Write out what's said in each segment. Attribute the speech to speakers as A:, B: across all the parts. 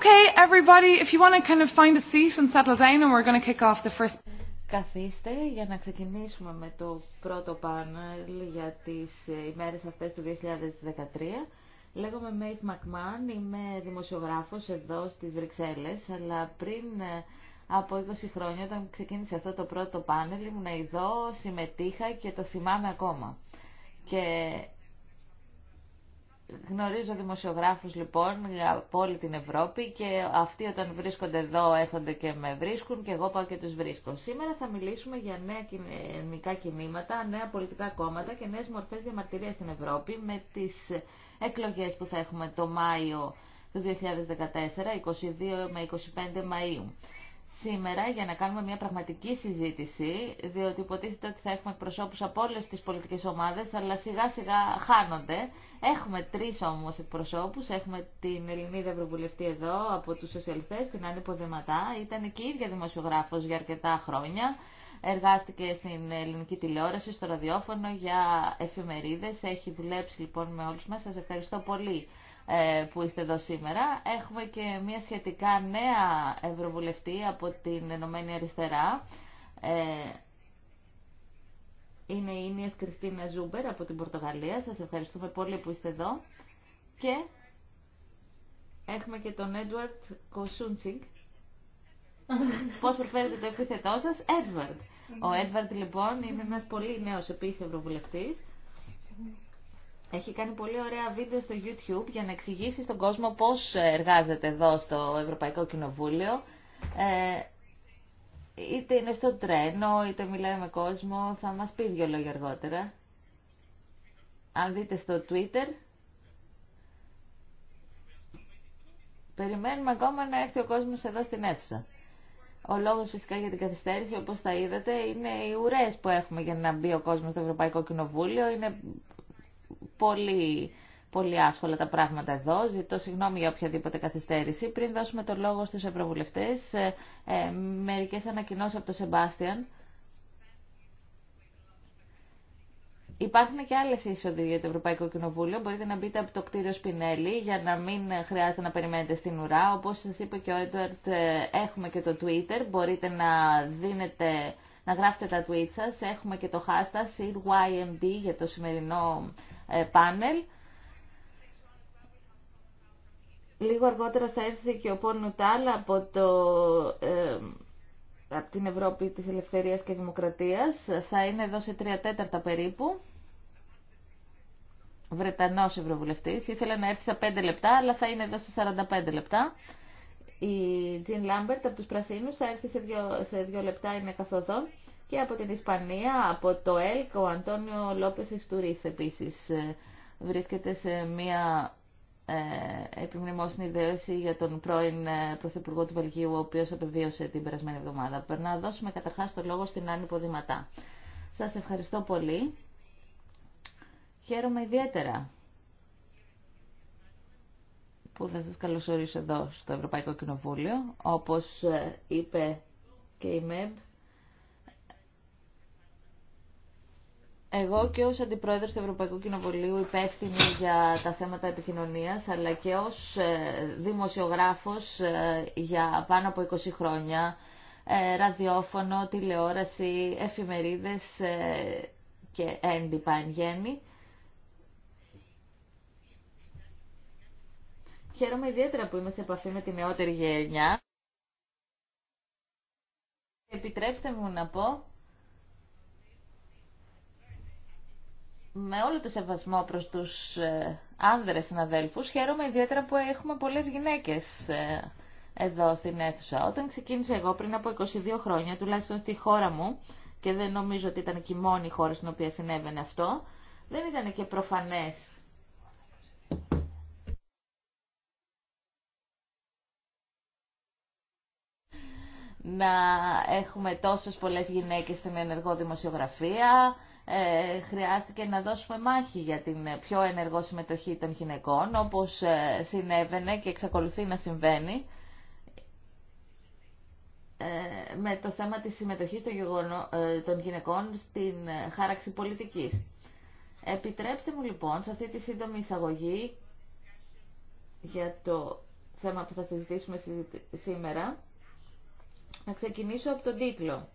A: Okay, everybody, if you want to kind of find a seat and settle down and we're going to kick off the first... Καθίστε για να ξεκινήσουμε με το πρώτο πάνελ για τις ε, ημέρες αυτές του 2013. Λέγομαι Μέιτ Μακμάν, είμαι δημοσιογράφος εδώ στις Βρυξέλλες, αλλά πριν ε, από 20 χρόνια όταν ξεκίνησε αυτό το πρώτο πάνελ ήμουν εδώ, συμμετείχα και το θυμάμαι ακόμα. Και Γνωρίζω δημοσιογράφους λοιπόν από όλη την Ευρώπη και αυτοί όταν βρίσκονται εδώ έρχονται και με βρίσκουν και εγώ πάω και τους βρίσκω. Σήμερα θα μιλήσουμε για νέα κοινωνικά κινήματα, νέα πολιτικά κόμματα και νέες μορφές διαμαρτυρίας στην Ευρώπη με τις εκλογές που θα έχουμε το Μάιο του 2014, 22 με 25 Μαΐου σήμερα για να κάνουμε μια πραγματική συζήτηση, διότι υποτίθεται ότι θα έχουμε εκπροσώπου από όλε τι πολιτικέ ομάδε, αλλά σιγά σιγά χάνονται. Έχουμε τρει όμω εκπροσώπου. έχουμε την Ελληνίδα Ευρωβουλευτή εδώ από του Σοσιαλιστέ, την Άννη Ποδηματά, ήταν και η ίδια δημοσιογράφος για αρκετά χρόνια. Εργάστηκε στην ελληνική τηλεόραση, στο ραδιόφωνο, για Εφημερίδε. Έχει δουλέψει λοιπόν με όλου μα. Σα ευχαριστώ πολύ ε, που είστε εδώ σήμερα. Έχουμε και μια σχετικά νέα ευρωβουλευτή από την Ενωμένη Αριστερά. Ε, είναι η Ίνιας Κριστίνα Ζούμπερ από την Πορτογαλία. Σας ευχαριστούμε πολύ που είστε εδώ. Και έχουμε και τον Έντουαρτ Κοσούντσιγκ. Πώς προφέρετε το επίθετό σας, Έντουαρτ. Ο Έντουαρτ λοιπόν είναι ένας πολύ νέος επίσης ευρωβουλευτής έχει κάνει πολύ ωραία βίντεο στο YouTube για να εξηγήσει στον κόσμο πώς εργάζεται εδώ στο Ευρωπαϊκό Κοινοβούλιο. Ε, είτε είναι στο τρένο, είτε μιλάει με κόσμο, θα μας πει δυο λόγια αργότερα. Αν δείτε στο Twitter, περιμένουμε ακόμα να έρθει ο κόσμος εδώ στην αίθουσα. Ο λόγος φυσικά για την καθυστέρηση, όπως τα είδατε, είναι οι ουρές που έχουμε για να μπει ο κόσμος στο Ευρωπαϊκό Κοινοβούλιο. Είναι πολύ, πολύ άσχολα τα πράγματα εδώ. Ζητώ συγγνώμη για οποιαδήποτε καθυστέρηση. Πριν δώσουμε το λόγο στους ευρωβουλευτές, ε, ε, μερικές ανακοινώσεις από τον Σεμπάστιαν. Υπάρχουν και άλλε είσοδοι για το Ευρωπαϊκό Κοινοβούλιο. Μπορείτε να μπείτε από το κτίριο Σπινέλη για να μην χρειάζεται να περιμένετε στην ουρά. Όπω σα είπε και ο Έντουαρτ, ε, έχουμε και το Twitter. Μπορείτε να δίνετε, να γράφετε τα tweets σα. Έχουμε και το hashtag CYMD για το σημερινό ε, πάνελ. Λίγο αργότερα θα έρθει και ο Πόν από, το, ε, από την Ευρώπη της Ελευθερίας και Δημοκρατίας. Θα είναι εδώ σε τρία τέταρτα περίπου. Βρετανός Ευρωβουλευτής. Ήθελα να έρθει σε πέντε λεπτά, αλλά θα είναι εδώ σε 45 λεπτά. Η Τζιν Λάμπερτ από τους Πρασίνους θα έρθει σε δύο, λεπτά, είναι καθοδόν. Και από την Ισπανία, από το ΕΛΚ, ο Αντώνιο Λόπες Ιστουρίς επίσης ε, βρίσκεται σε μία ε, επιμνημόσυνη δέωση για τον πρώην ε, Πρωθυπουργό του Βελγίου, ο οποίος απεβίωσε την περασμένη εβδομάδα. Πρέπει να δώσουμε καταρχάς το λόγο στην Άννη Ποδηματά. Σας ευχαριστώ πολύ. Χαίρομαι ιδιαίτερα που θα σας καλωσορίσω εδώ στο Ευρωπαϊκό Κοινοβούλιο. Όπως ε, είπε και η ΜΕΜ, Εγώ και ως Αντιπρόεδρος του Ευρωπαϊκού Κοινοβουλίου υπεύθυνη για τα θέματα επικοινωνίας, αλλά και ως ε, δημοσιογράφος ε, για πάνω από 20 χρόνια, ραδιόφωνο, τηλεόραση, εφημερίδες και έντυπα εν γέννη. Χαίρομαι ιδιαίτερα που είμαι σε επαφή με τη νεότερη γενιά. Επιτρέψτε μου να πω με όλο το σεβασμό προς τους ε, άνδρες συναδέλφους, χαίρομαι ιδιαίτερα που έχουμε πολλές γυναίκες ε, εδώ στην αίθουσα. Όταν ξεκίνησα εγώ πριν από 22 χρόνια, τουλάχιστον στη χώρα μου, και δεν νομίζω ότι ήταν και η μόνη χώρα στην οποία συνέβαινε αυτό, δεν ήταν και προφανές να έχουμε τόσες πολλές γυναίκες στην ενεργό δημοσιογραφία. Ε, χρειάστηκε να δώσουμε μάχη για την πιο ενεργό συμμετοχή των γυναικών, όπως ε, συνέβαινε και εξακολουθεί να συμβαίνει. Ε, με το θέμα της συμμετοχής ε, των, γυναικών στην χάραξη πολιτικής. Επιτρέψτε μου λοιπόν σε αυτή τη σύντομη εισαγωγή για το θέμα που θα συζητήσουμε σήμερα να ξεκινήσω από τον τίτλο.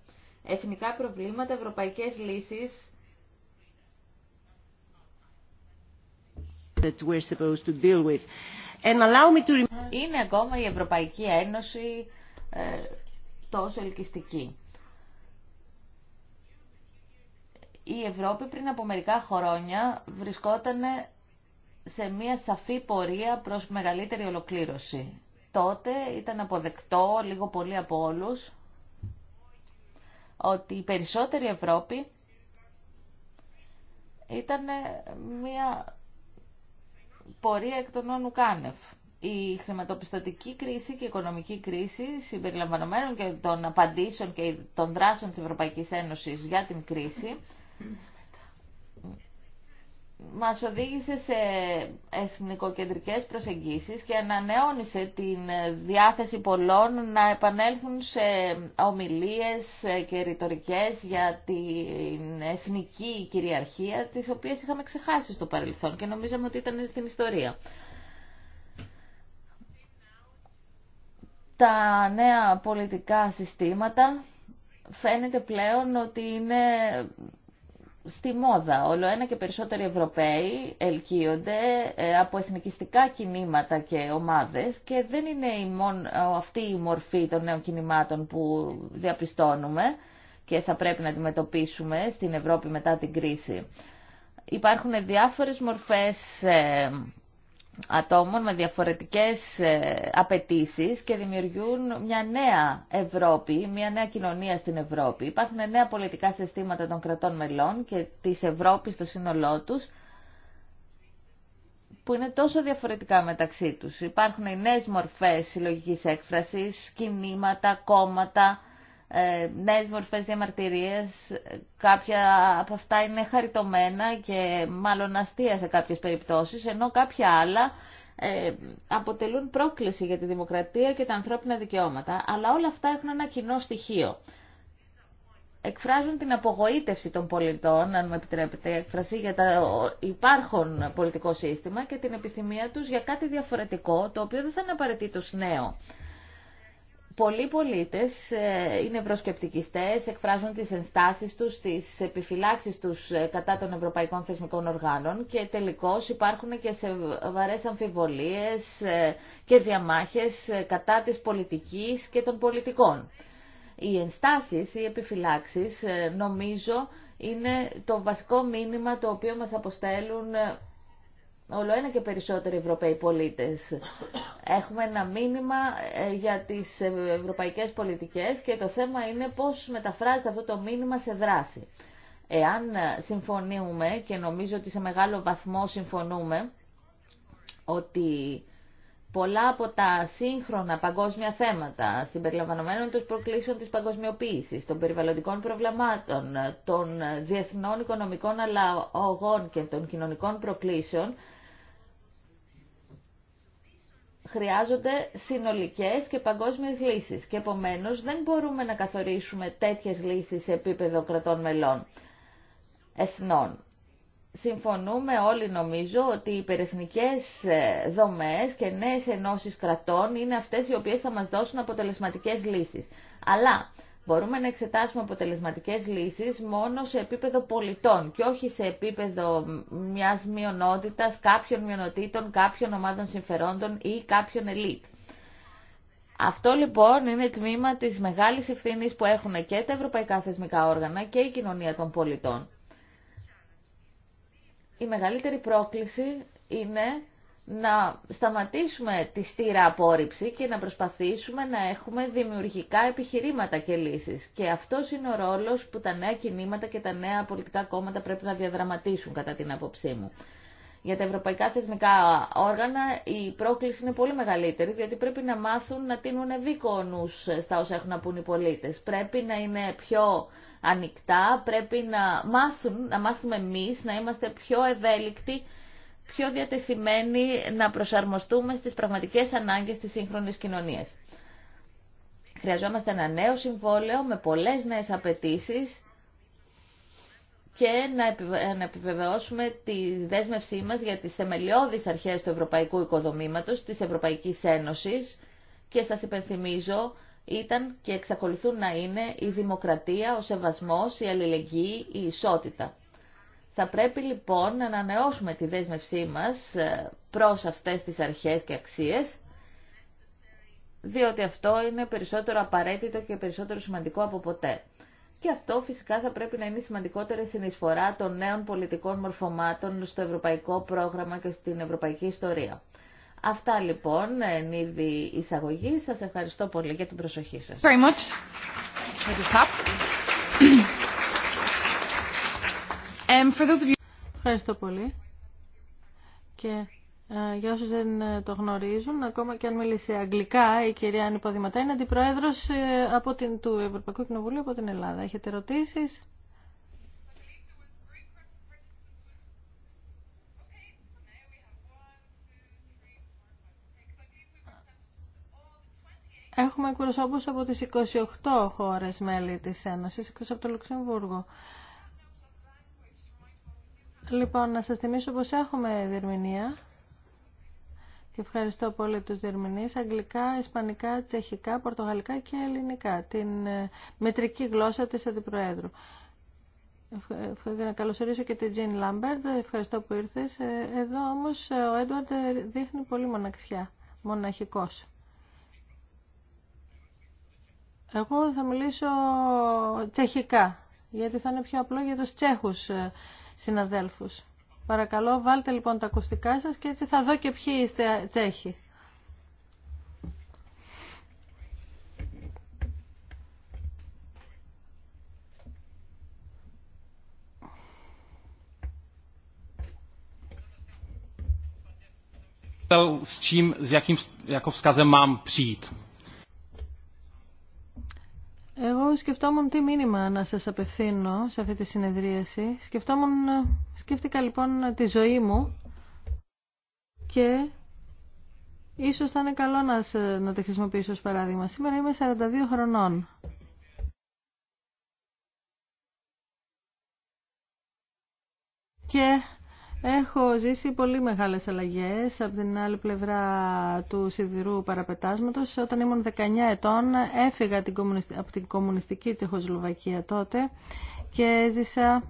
A: Εθνικά προβλήματα, ευρωπαϊκές λύσεις.
B: That we're to deal with. And
A: Είναι ακόμα η Ευρωπαϊκή Ένωση ε, τόσο ελκυστική. Η Ευρώπη πριν από μερικά χρόνια βρισκόταν σε μια σαφή πορεία προς μεγαλύτερη ολοκλήρωση τότε ήταν αποδεκτό λίγο πολύ από όλους ότι η περισσότερη Ευρώπη ήταν μια πορεία εκ των όνου κάνευ. Η χρηματοπιστωτική κρίση και η οικονομική κρίση, συμπεριλαμβανομένων και των απαντήσεων και των δράσεων της Ευρωπαϊκής Ένωσης για την κρίση, μας οδήγησε σε εθνικοκεντρικές προσεγγίσεις και ανανεώνησε την διάθεση πολλών να επανέλθουν σε ομιλίες και ρητορικές για την εθνική κυριαρχία, τις οποίες είχαμε ξεχάσει στο παρελθόν και νομίζαμε ότι ήταν στην ιστορία. Τα νέα πολιτικά συστήματα φαίνεται πλέον ότι είναι στη μόδα. Όλο ένα και περισσότεροι Ευρωπαίοι ελκύονται ε, από εθνικιστικά κινήματα και ομάδες και δεν είναι η αυτή η μορφή των νέων κινημάτων που διαπιστώνουμε και θα πρέπει να αντιμετωπίσουμε στην Ευρώπη μετά την κρίση. Υπάρχουν διάφορες μορφές ε, ατόμων με διαφορετικές ε, απαιτήσεις και δημιουργούν μια νέα Ευρώπη, μια νέα κοινωνία στην Ευρώπη. Υπάρχουν νέα πολιτικά συστήματα των κρατών μελών και της Ευρώπης στο σύνολό τους που είναι τόσο διαφορετικά μεταξύ τους. Υπάρχουν οι νέες μορφές συλλογικής έκφρασης, κινήματα, κόμματα, ε, νέες μορφές διαμαρτυρίες. Κάποια από αυτά είναι χαριτωμένα και μάλλον αστεία σε κάποιες περιπτώσεις, ενώ κάποια άλλα ε, αποτελούν πρόκληση για τη δημοκρατία και τα ανθρώπινα δικαιώματα. Αλλά όλα αυτά έχουν ένα κοινό στοιχείο. Εκφράζουν την απογοήτευση των πολιτών, αν μου επιτρέπετε έκφραση, για το υπάρχον πολιτικό σύστημα και την επιθυμία τους για κάτι διαφορετικό, το οποίο δεν θα είναι απαραίτητο νέο πολλοί πολίτες ε, είναι ευρωσκεπτικιστές, εκφράζουν τις ενστάσεις τους, τις επιφυλάξεις τους ε, κατά των ευρωπαϊκών θεσμικών οργάνων και τελικώς υπάρχουν και σε βαρές αμφιβολίες ε, και διαμάχες κατά της πολιτικής και των πολιτικών. Οι ενστάσεις, οι επιφυλάξεις νομίζω είναι το βασικό μήνυμα το οποίο μας αποστέλουν όλο ένα και περισσότεροι Ευρωπαίοι πολίτες. Έχουμε ένα μήνυμα ε, για τις ευρωπαϊκές πολιτικές και το θέμα είναι πώς μεταφράζεται αυτό το μήνυμα σε δράση. Εάν συμφωνούμε και νομίζω ότι σε μεγάλο βαθμό συμφωνούμε ότι πολλά από τα σύγχρονα παγκόσμια θέματα, συμπεριλαμβανομένων των προκλήσεων της παγκοσμιοποίησης, των περιβαλλοντικών προβλημάτων, των διεθνών οικονομικών αλλαγών και των κοινωνικών προκλήσεων, χρειάζονται συνολικές και παγκόσμιες λύσεις και επομένως δεν μπορούμε να καθορίσουμε τέτοιες λύσεις σε επίπεδο κρατών μελών εθνών. Συμφωνούμε όλοι νομίζω ότι οι υπερεθνικές ε, δομές και νέες ενώσεις κρατών είναι αυτές οι οποίες θα μας δώσουν αποτελεσματικές λύσεις. Αλλά Μπορούμε να εξετάσουμε αποτελεσματικές λύσεις μόνο σε επίπεδο πολιτών και όχι σε επίπεδο μιας μειονότητας, κάποιων μειονοτήτων, κάποιων ομάδων συμφερόντων ή κάποιων ελίτ. Αυτό λοιπόν είναι τμήμα της μεγάλης ευθύνης που έχουν και τα ευρωπαϊκά θεσμικά όργανα και η κοινωνία των πολιτών. Η μεγαλύτερη πρόκληση είναι να σταματήσουμε τη στήρα απόρριψη και να προσπαθήσουμε να έχουμε δημιουργικά επιχειρήματα και λύσεις. Και αυτό είναι ο ρόλος που τα νέα κινήματα και τα νέα πολιτικά κόμματα πρέπει να διαδραματίσουν κατά την άποψή μου. Για τα ευρωπαϊκά θεσμικά όργανα η πρόκληση είναι πολύ μεγαλύτερη, διότι πρέπει να μάθουν να τίνουν ευήκονους στα όσα έχουν να πούν οι πολίτες. Πρέπει να είναι πιο ανοιχτά, πρέπει να μάθουν, να μάθουμε εμείς, να είμαστε πιο ευέλικτοι πιο διατεθειμένοι να προσαρμοστούμε στις πραγματικές ανάγκες της σύγχρονης κοινωνίας. Χρειαζόμαστε ένα νέο συμβόλαιο με πολλές νέες απαιτήσει και να επιβεβαιώσουμε τη δέσμευσή μας για τις θεμελιώδεις αρχές του Ευρωπαϊκού Οικοδομήματος, της Ευρωπαϊκής Ένωσης και σας υπενθυμίζω ήταν και εξακολουθούν να είναι η δημοκρατία, ο σεβασμός, η αλληλεγγύη, η ισότητα. Θα πρέπει λοιπόν να ανανεώσουμε τη δέσμευσή μας ε, προς αυτές τις αρχές και αξίες, διότι αυτό είναι περισσότερο απαραίτητο και περισσότερο σημαντικό από ποτέ. Και αυτό φυσικά θα πρέπει να είναι η σημαντικότερη συνεισφορά των νέων πολιτικών μορφωμάτων στο ευρωπαϊκό πρόγραμμα και στην ευρωπαϊκή ιστορία. Αυτά λοιπόν εν είδη εισαγωγή. Σας ευχαριστώ πολύ για την προσοχή σας.
C: Ευχαριστώ πολύ. Και ε, για όσους δεν ε, το γνωρίζουν, ακόμα και αν μιλήσει αγγλικά, η κυρία Ανυποδηματά είναι αντιπρόεδρος ε, από την, του Ευρωπαϊκού Κοινοβουλίου από την Ελλάδα. Έχετε ερωτήσεις? Έχουμε εκπροσώπους από τις 28 χώρες μέλη της Ένωσης, εκτός από το Λουξεμβούργο. Λοιπόν, να σας θυμίσω πως έχουμε διερμηνία και ευχαριστώ πολύ τους διερμηνείς, αγγλικά, ισπανικά, τσεχικά, πορτογαλικά και ελληνικά, την ε, μετρική γλώσσα της Αντιπροέδρου. Να καλωσορίσω και την Τζιν Λάμπερτ, ευχαριστώ που ήρθες. Ε, εδώ όμως ε, ο Έντουαρντ δείχνει πολύ μοναξιά, μοναχικός. Εγώ θα μιλήσω τσεχικά, γιατί θα είναι πιο απλό για τους τσέχους συναδέλφους. Παρακαλώ βάλτε λοιπόν τα ακουστικά σας και έτσι θα δω και ποιοι είστε Τσέχοι. s čím, s jakým, jako vzkazem mám přijít. Εγώ σκεφτόμουν τι μήνυμα να σας απευθύνω σε αυτή τη συνεδρίαση. Σκεφτόμουν, σκέφτηκα λοιπόν τη ζωή μου και ίσως θα είναι καλό να, να χρησιμοποιήσω ως παράδειγμα. Σήμερα είμαι 42 χρονών. Και Έχω ζήσει πολύ μεγάλες αλλαγές από την άλλη πλευρά του σιδηρού παραπετάσματος. Όταν ήμουν 19 ετών έφυγα από την κομμουνιστική Τσεχοσλοβακία τότε και ζήσα,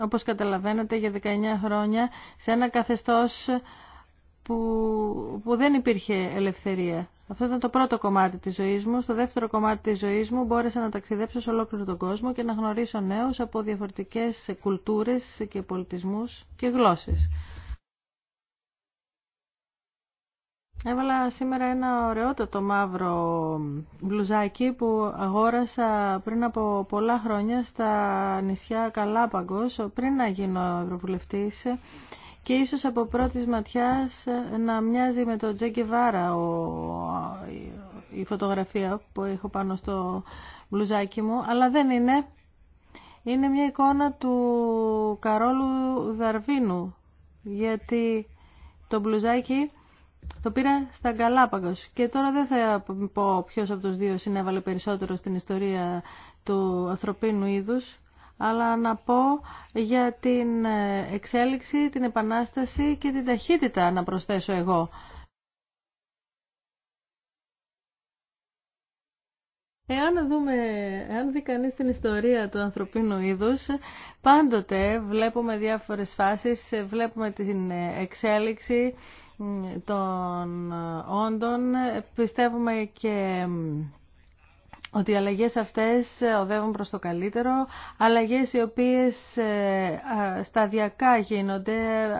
C: όπως καταλαβαίνετε, για 19 χρόνια σε ένα καθεστώς που, που δεν υπήρχε ελευθερία. Αυτό ήταν το πρώτο κομμάτι της ζωής μου. Στο δεύτερο κομμάτι της ζωής μου μπόρεσα να ταξιδέψω σε ολόκληρο τον κόσμο και να γνωρίσω νέους από διαφορετικές κουλτούρες και πολιτισμούς και γλώσσες. Έβαλα σήμερα ένα ωραιότατο μαύρο μπλουζάκι που αγόρασα πριν από πολλά χρόνια στα νησιά Καλάπαγκος, πριν να γίνω ευρωβουλευτής και ίσως από πρώτης ματιάς ε, να μοιάζει με το Τζέκι Βάρα η φωτογραφία που έχω πάνω στο μπλουζάκι μου, αλλά δεν είναι. Είναι μια εικόνα του Καρόλου Δαρβίνου, γιατί το μπλουζάκι το πήρα στα Γκαλάπαγκος και τώρα δεν θα πω ποιος από τους δύο συνέβαλε περισσότερο στην ιστορία του ανθρωπίνου είδους αλλά να πω για την εξέλιξη, την επανάσταση και την ταχύτητα να προσθέσω εγώ. Εάν δούμε, εάν δει κανείς την ιστορία του ανθρωπίνου είδους, πάντοτε βλέπουμε διάφορες φάσεις, βλέπουμε την εξέλιξη των όντων, πιστεύουμε και ότι οι αλλαγές αυτές ε, οδεύουν προς το καλύτερο, αλλαγές οι οποίες ε, σταδιακά γίνονται,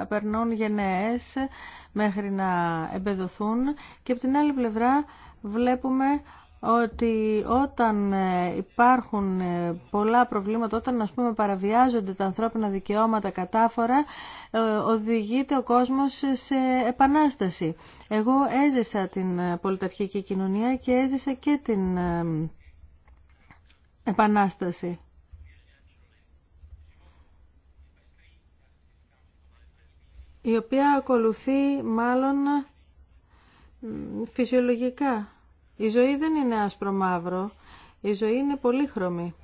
C: περνούν γενναίες μέχρι να εμπεδοθούν και από την άλλη πλευρά βλέπουμε ότι όταν ε, υπάρχουν πολλά προβλήματα, όταν ας πούμε παραβιάζονται τα ανθρώπινα δικαιώματα κατάφορα, οδηγείται ο κόσμος σε επανάσταση. Εγώ έζησα την πολιταρχική κοινωνία και έζησα και την επανάσταση. η οποία ακολουθεί μάλλον φυσιολογικά. Η ζωή δεν είναι άσπρο μαύρο, η ζωή είναι πολύχρωμη.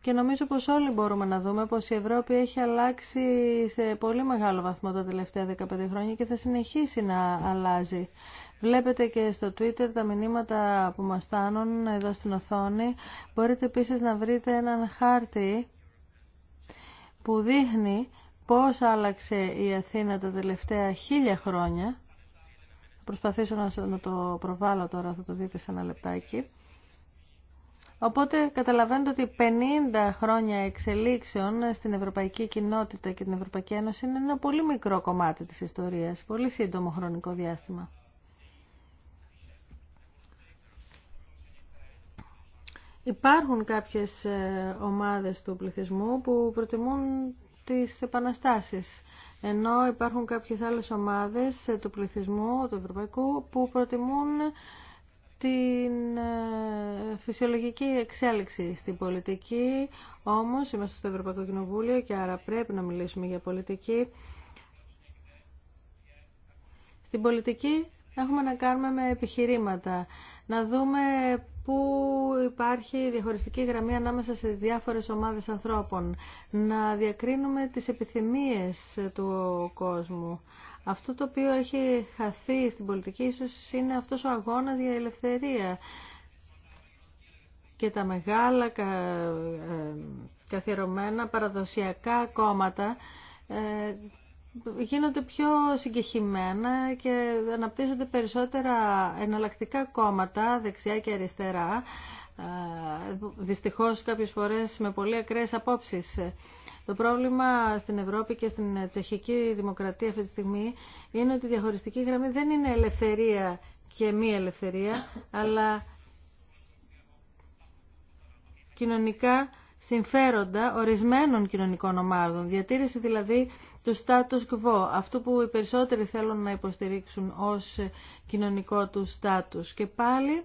C: Και νομίζω πως όλοι μπορούμε να δούμε πως η Ευρώπη έχει αλλάξει σε πολύ μεγάλο βαθμό τα τελευταία 15 χρόνια και θα συνεχίσει να αλλάζει. Βλέπετε και στο Twitter τα μηνύματα που μας στάνουν εδώ στην οθόνη. Μπορείτε επίσης να βρείτε έναν χάρτη που δείχνει πώς άλλαξε η Αθήνα τα τελευταία χίλια χρόνια. Προσπαθήσω να το προβάλλω τώρα, θα το δείτε σε ένα λεπτάκι. Οπότε καταλαβαίνετε ότι 50 χρόνια εξελίξεων στην Ευρωπαϊκή Κοινότητα και την Ευρωπαϊκή Ένωση είναι ένα πολύ μικρό κομμάτι της ιστορίας, πολύ σύντομο χρονικό διάστημα. Υπάρχουν κάποιες ε, ομάδες του πληθυσμού που προτιμούν τις επαναστάσεις, ενώ υπάρχουν κάποιες άλλες ομάδες ε, του πληθυσμού, του ευρωπαϊκού, που προτιμούν την ε, φυσιολογική εξέλιξη στην πολιτική, όμως είμαστε στο Ευρωπαϊκό Κοινοβούλιο και άρα πρέπει να μιλήσουμε για πολιτική. Στην πολιτική έχουμε να κάνουμε με επιχειρήματα, να δούμε που υπάρχει διαχωριστική γραμμή ανάμεσα σε διάφορες ομάδες ανθρώπων. Να διακρίνουμε τις επιθυμίες του κόσμου. Αυτό το οποίο έχει χαθεί στην πολιτική ίσως είναι αυτός ο αγώνας για ελευθερία και τα μεγάλα ε, καθιερωμένα παραδοσιακά κόμματα ε, γίνονται πιο συγκεχημένα και αναπτύσσονται περισσότερα εναλλακτικά κόμματα δεξιά και αριστερά δυστυχώς κάποιες φορές με πολύ ακραίες απόψεις. Το πρόβλημα στην Ευρώπη και στην τσεχική δημοκρατία αυτή τη στιγμή είναι ότι η διαχωριστική γραμμή δεν είναι ελευθερία και μη ελευθερία, αλλά κοινωνικά συμφέροντα ορισμένων κοινωνικών ομάδων. Διατήρηση δηλαδή του status quo, αυτού που οι περισσότεροι θέλουν να υποστηρίξουν ως κοινωνικό του status. Και πάλι,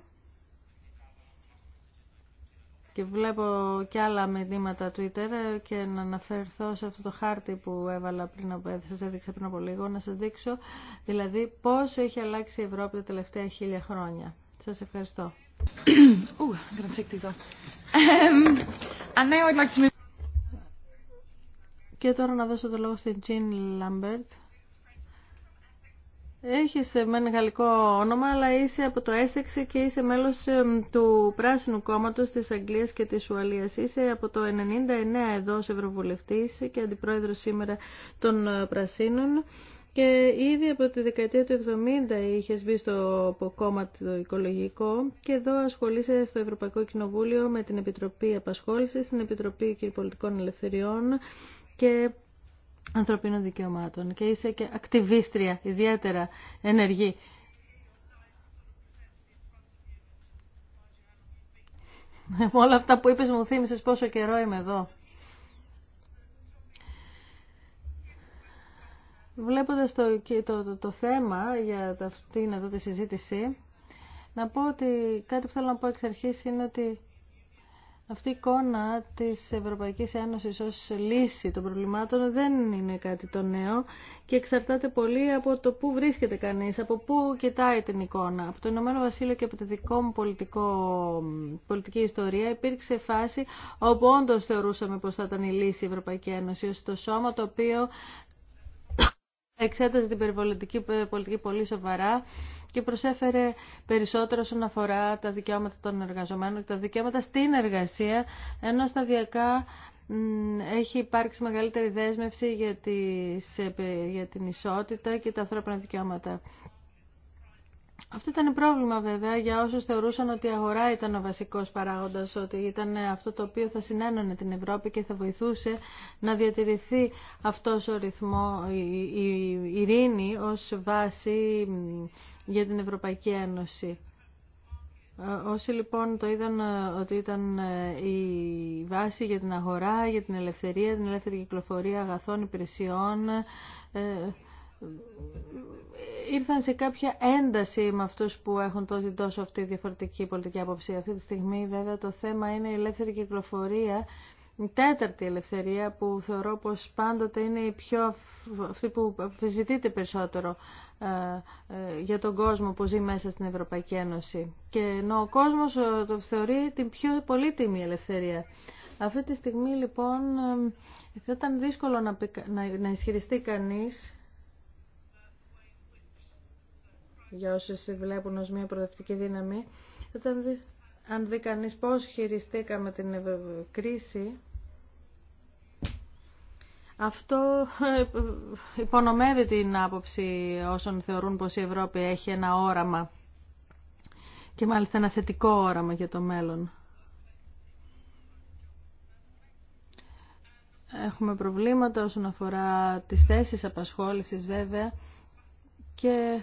C: και βλέπω και άλλα μηνύματα Twitter και να αναφερθώ σε αυτό το χάρτη που έβαλα πριν από, σας έδειξα πριν από λίγο, να σας δείξω δηλαδή πώς έχει αλλάξει η Ευρώπη τα τελευταία χίλια χρόνια. Σας ευχαριστώ. Ehm, ah, και τώρα να δώσω το λόγο στην Τζιν Λάμπερτ. Έχεις ε, με ένα γαλλικό όνομα, αλλά είσαι από το Essex και είσαι μέλος του Πράσινου κόμματο, τη Αγγλία και τη Ουαλίας. Είσαι από το 99 εδώ ω και αντιπρόεδρος σήμερα των ε, Πρασίνων και ήδη από τη δεκαετία του 70 είχε μπει στο κόμμα το οικολογικό και εδώ ασχολείσαι στο Ευρωπαϊκό Κοινοβούλιο με την Επιτροπή Απασχόληση, την Επιτροπή Πολιτικών Ελευθεριών και Ανθρωπίνων Δικαιωμάτων και είσαι και ακτιβίστρια, ιδιαίτερα ενεργή. Με όλα αυτά που είπες μου θύμισες πόσο καιρό είμαι εδώ. Βλέποντας το, το, το, θέμα για αυτήν εδώ τη συζήτηση, να πω ότι κάτι που θέλω να πω εξ αρχής είναι ότι αυτή η εικόνα της Ευρωπαϊκής Ένωσης ως λύση των προβλημάτων δεν είναι κάτι το νέο και εξαρτάται πολύ από το πού βρίσκεται κανείς, από πού κοιτάει την εικόνα. Από το Ηνωμένο Βασίλειο και από τη δικό μου πολιτικό, πολιτική ιστορία υπήρξε φάση όπου όντω θεωρούσαμε πως θα ήταν η λύση η Ευρωπαϊκή Ένωση ω το σώμα το οποίο εξέταζε την περιβαλλοντική ε, πολιτική πολύ σοβαρά και προσέφερε περισσότερο όσον αφορά τα δικαιώματα των εργαζομένων και τα δικαιώματα στην εργασία, ενώ σταδιακά έχει υπάρξει μεγαλύτερη δέσμευση για, ε, για την ισότητα και τα ανθρώπινα δικαιώματα. Αυτό ήταν πρόβλημα βέβαια για όσους θεωρούσαν ότι η αγορά ήταν ο βασικός παράγοντας, ότι ήταν αυτό το οποίο θα συνένωνε την Ευρώπη και θα βοηθούσε να διατηρηθεί αυτός ο ρυθμό, η ειρήνη ως βάση για την Ευρωπαϊκή Ένωση. Ε, όσοι λοιπόν το είδαν ε, ότι ήταν ε, η βάση για την αγορά, για την ελευθερία, την ελεύθερη κυκλοφορία αγαθών, υπηρεσιών, ήρθαν σε κάποια ένταση με αυτούς που έχουν τόσο, τόσο αυτή διαφορετική πολιτική άποψη. Αυτή τη στιγμή βέβαια το θέμα είναι η ελεύθερη κυκλοφορία, η τέταρτη ελευθερία που θεωρώ πως πάντοτε είναι η πιο, αυτή που αμφισβητείται περισσότερο ε, ε, για τον κόσμο που ζει μέσα στην Ευρωπαϊκή Ένωση. Και ενώ ο κόσμος ε, το θεωρεί την πιο πολύτιμη ελευθερία. Αυτή τη στιγμή λοιπόν θα ήταν δύσκολο να, να ισχυριστεί κανείς για όσους βλέπουν ως μια προοδευτική δύναμη. Όταν αν δει κανείς πώς χειριστήκαμε την κρίση, αυτό ε, υπονομεύει την άποψη όσων θεωρούν πως η Ευρώπη έχει ένα όραμα και μάλιστα ένα θετικό όραμα για το μέλλον. Έχουμε προβλήματα όσον αφορά τις θέσεις απασχόλησης βέβαια και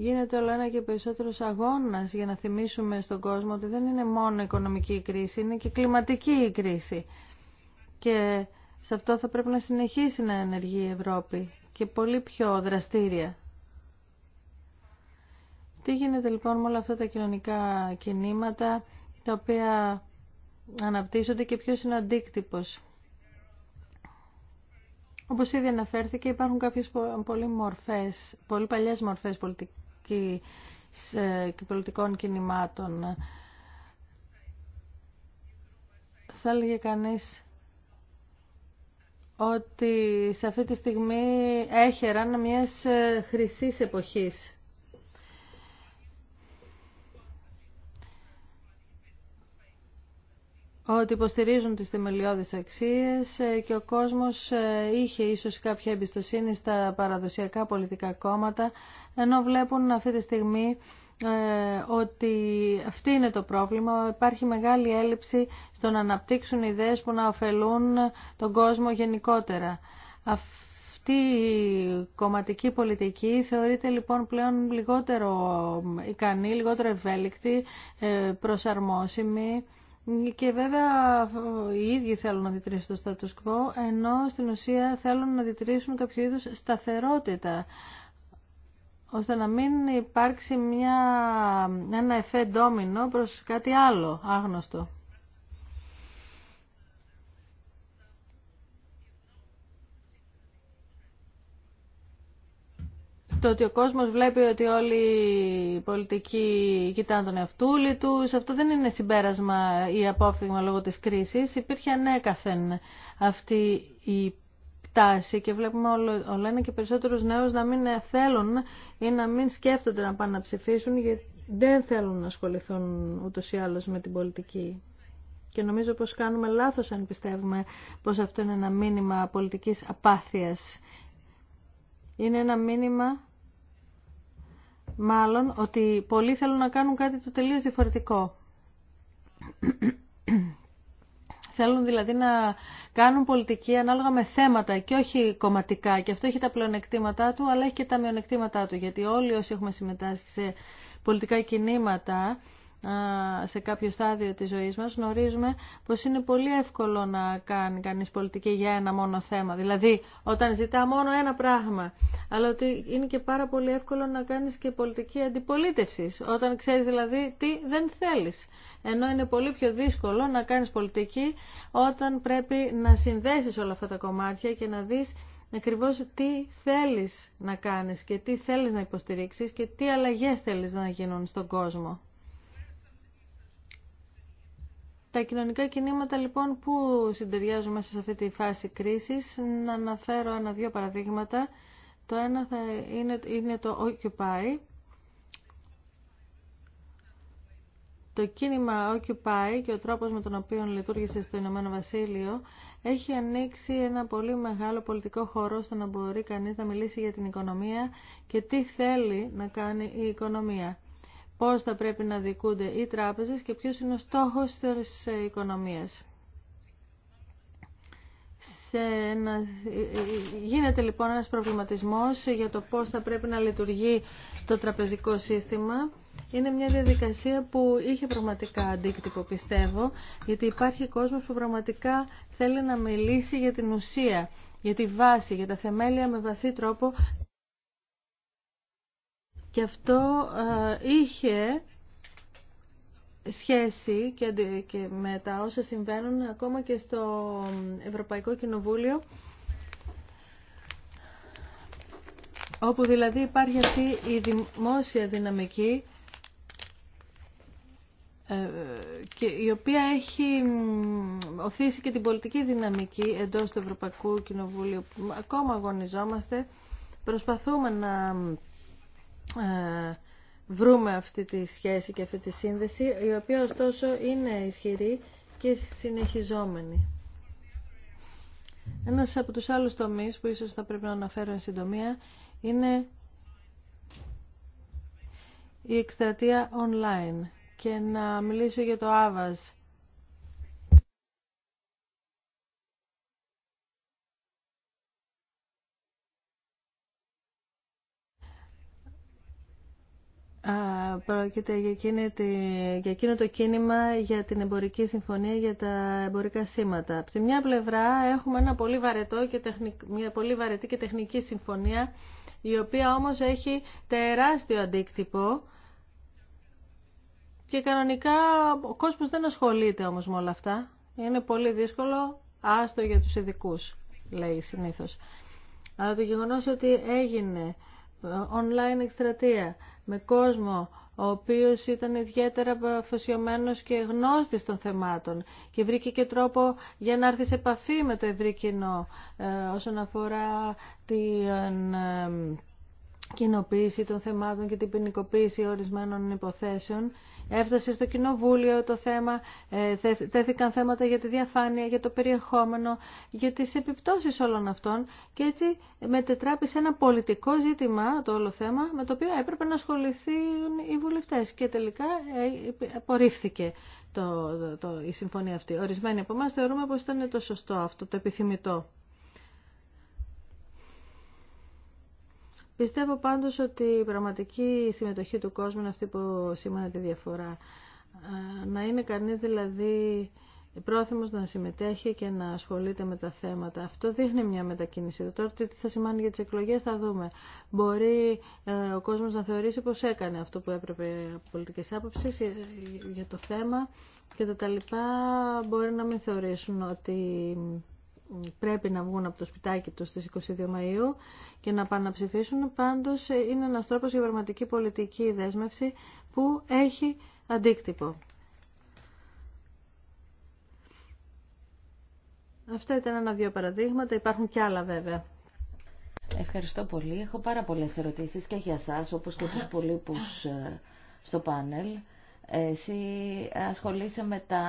C: Γίνεται όλο ένα και περισσότερος αγώνας για να θυμίσουμε στον κόσμο ότι δεν είναι μόνο οικονομική η κρίση, είναι και κλιματική η κρίση. Και σε αυτό θα πρέπει να συνεχίσει να ενεργεί η Ευρώπη και πολύ πιο δραστήρια. Τι γίνεται λοιπόν με όλα αυτά τα κοινωνικά κινήματα τα οποία αναπτύσσονται και ποιος είναι ο αντίκτυπος. Όπως ήδη αναφέρθηκε υπάρχουν κάποιε πολύ, μορφές, πολύ παλιές μορφές πολιτικής και πολιτικών κινημάτων. Θα έλεγε κανείς ότι σε αυτή τη στιγμή έχεραν μιας ε, χρυσής εποχής ότι υποστηρίζουν τις θεμελιώδεις αξίες ε, και ο κόσμος ε, είχε ίσως κάποια εμπιστοσύνη στα παραδοσιακά πολιτικά κόμματα, ενώ βλέπουν αυτή τη στιγμή ε, ότι αυτή είναι το πρόβλημα. Υπάρχει μεγάλη έλλειψη στο να αναπτύξουν ιδέες που να ωφελούν τον κόσμο γενικότερα. Αυτή η κομματική πολιτική θεωρείται λοιπόν πλέον λιγότερο ικανή, λιγότερο ευέλικτη, προσαρμόσιμη και βέβαια οι ίδιοι θέλουν να διατηρήσουν το status quo, ενώ στην ουσία θέλουν να διατηρήσουν κάποιο είδους σταθερότητα, ώστε να μην υπάρξει μια, ένα εφέ ντόμινο προς κάτι άλλο άγνωστο. Το ότι ο κόσμος βλέπει ότι όλοι οι πολιτικοί κοιτάνε τον εαυτούλη τους, αυτό δεν είναι συμπέρασμα ή απόφθηγμα λόγω της κρίσης. Υπήρχε ανέκαθεν αυτή η τάση και βλέπουμε όλο, όλο ένα και περισσότερους νέους να μην θέλουν ή να μην σκέφτονται να πάνε να ψηφίσουν γιατί δεν θέλουν να ασχοληθούν ούτως ή άλλως με την πολιτική. Και νομίζω πως κάνουμε λάθος αν πιστεύουμε πως αυτό είναι ένα μήνυμα πολιτικής απάθειας. Είναι ένα μήνυμα μάλλον ότι πολλοί θέλουν να κάνουν κάτι το τελείως διαφορετικό. Θέλουν δηλαδή να κάνουν πολιτική ανάλογα με θέματα και όχι κομματικά. Και αυτό έχει τα πλεονεκτήματά του, αλλά έχει και τα μειονεκτήματά του. Γιατί όλοι όσοι έχουμε συμμετάσχει σε πολιτικά κινήματα, σε κάποιο στάδιο της ζωής μας γνωρίζουμε πως είναι πολύ εύκολο να κάνει κανείς πολιτική για ένα μόνο θέμα. Δηλαδή όταν ζητά μόνο ένα πράγμα. Αλλά ότι είναι και πάρα πολύ εύκολο να κάνεις και πολιτική αντιπολίτευση. Όταν ξέρεις δηλαδή τι δεν θέλεις. Ενώ είναι πολύ πιο δύσκολο να κάνεις πολιτική όταν πρέπει να συνδέσεις όλα αυτά τα κομμάτια και να δεις ακριβώ τι θέλεις να κάνεις και τι θέλεις να υποστηρίξεις και τι αλλαγές θέλεις να γίνουν στον κόσμο. Τα κοινωνικά κινήματα λοιπόν που συντεριάζουν μέσα σε αυτή τη φάση κρίσης, να αναφέρω ένα-δύο παραδείγματα. Το ένα θα είναι, είναι το Occupy. Το κίνημα Occupy και ο τρόπος με τον οποίο λειτουργήσε στο Ηνωμένο Βασίλειο έχει ανοίξει ένα πολύ μεγάλο πολιτικό χώρο ώστε να μπορεί κανείς να μιλήσει για την οικονομία και τι θέλει να κάνει η οικονομία πώς θα πρέπει να δικούνται οι τράπεζες και ποιος είναι ο στόχος της οικονομίας. Γίνεται λοιπόν ένας προβληματισμός για το πώς θα πρέπει να λειτουργεί το τραπεζικό σύστημα. Είναι μια διαδικασία που είχε πραγματικά αντίκτυπο, πιστεύω, γιατί υπάρχει κόσμος που πραγματικά θέλει να μιλήσει για την ουσία, για τη βάση, για τα θεμέλια με βαθύ τρόπο και αυτό ε, είχε σχέση και με τα όσα συμβαίνουν ακόμα και στο Ευρωπαϊκό Κοινοβούλιο όπου δηλαδή υπάρχει αυτή η δημόσια δυναμική ε, και η οποία έχει οθήσει και την πολιτική δυναμική εντός του Ευρωπαϊκού Κοινοβουλίου που ακόμα αγωνιζόμαστε προσπαθούμε να ε, βρούμε αυτή τη σχέση και αυτή τη σύνδεση, η οποία ωστόσο είναι ισχυρή και συνεχιζόμενη. Ένας από τους άλλους τομείς που ίσως θα πρέπει να αναφέρω εν συντομία είναι η εκστρατεία online και να μιλήσω για το Άβας Πρόκειται για, εκείνη, για εκείνο το κίνημα για την εμπορική συμφωνία για τα εμπορικά σήματα. Από τη μια πλευρά έχουμε ένα πολύ και μια πολύ βαρετή και τεχνική συμφωνία η οποία όμως έχει τεράστιο αντίκτυπο και κανονικά ο κόσμος δεν ασχολείται όμως με όλα αυτά. Είναι πολύ δύσκολο, άστο για τους ειδικού, λέει συνήθως. Αλλά το γεγονός ότι έγινε ε, online εκστρατεία με κόσμο ο οποίος ήταν ιδιαίτερα αφοσιωμένος και γνώστης των θεμάτων και βρήκε και τρόπο για να έρθει σε επαφή με το ευρύ κοινό ε, όσον αφορά την ε, κοινοποίηση των θεμάτων και την ποινικοποίηση ορισμένων υποθέσεων Έφτασε στο Κοινοβούλιο το θέμα, ε, τέθηκαν θέματα για τη διαφάνεια, για το περιεχόμενο, για τις επιπτώσεις όλων αυτών και έτσι μετετράπησε ένα πολιτικό ζήτημα το όλο θέμα με το οποίο έπρεπε να ασχοληθούν οι βουλευτές και τελικά ε, απορρίφθηκε το, η συμφωνία αυτή. Ορισμένοι από εμά θεωρούμε πως ήταν το σωστό αυτό, το επιθυμητό. Πιστεύω πάντως ότι η πραγματική συμμετοχή του κόσμου είναι αυτή που σημαίνει τη διαφορά. Να είναι κανείς δηλαδή πρόθυμος να συμμετέχει και να ασχολείται με τα θέματα. Αυτό δείχνει μια μετακίνηση. Τώρα τι θα σημαίνει για τις εκλογές θα δούμε. Μπορεί ε, ο κόσμος να θεωρήσει πως έκανε αυτό που έπρεπε από πολιτικές άποψεις ε, για το θέμα και τα τα λοιπά μπορεί να μην θεωρήσουν ότι πρέπει να βγουν από το σπιτάκι τους στις 22 Μαΐου και να πάνε να ψηφίσουν. Πάντως είναι ένας τρόπος για πραγματική πολιτική δέσμευση που έχει αντίκτυπο. Αυτά ήταν ένα-δύο παραδείγματα, υπάρχουν και άλλα βέβαια.
A: Ευχαριστώ πολύ. Έχω πάρα πολλές ερωτήσεις και για σας, όπως και τους πολύπους ε, στο πάνελ. Εσύ ασχολείσαι με, τα,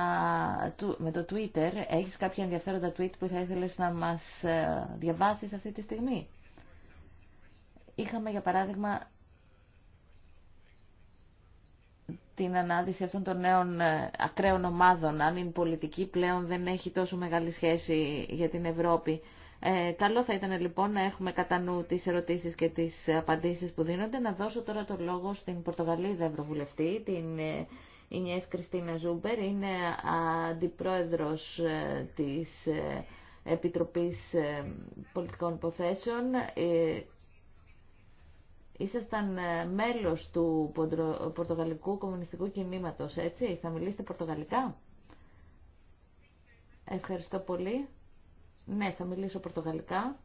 A: με το Twitter. Έχεις κάποια ενδιαφέροντα tweet που θα ήθελες να μας ε, διαβάσεις αυτή τη στιγμή. Είχαμε για παράδειγμα την ανάδυση αυτών των νέων ε, ακραίων ομάδων, αν η πολιτική πλέον δεν έχει τόσο μεγάλη σχέση για την Ευρώπη. Ε, καλό θα ήταν λοιπόν να έχουμε κατά νου τις ερωτήσεις και τις απαντήσεις που δίνονται. Να δώσω τώρα το λόγο στην Πορτογαλίδα Ευρωβουλευτή, την ε, Ινιές Κριστίνα Ζούμπερ. Είναι αντιπρόεδρος ε, της ε, Επιτροπής Πολιτικών Υποθέσεων. Ήσασταν μέλος του Πορτογαλικού Κομμουνιστικού Κινήματος, έτσι. Θα μιλήσετε πορτογαλικά. Ευχαριστώ πολύ. Ναι, θα μιλήσω πορτογαλικά.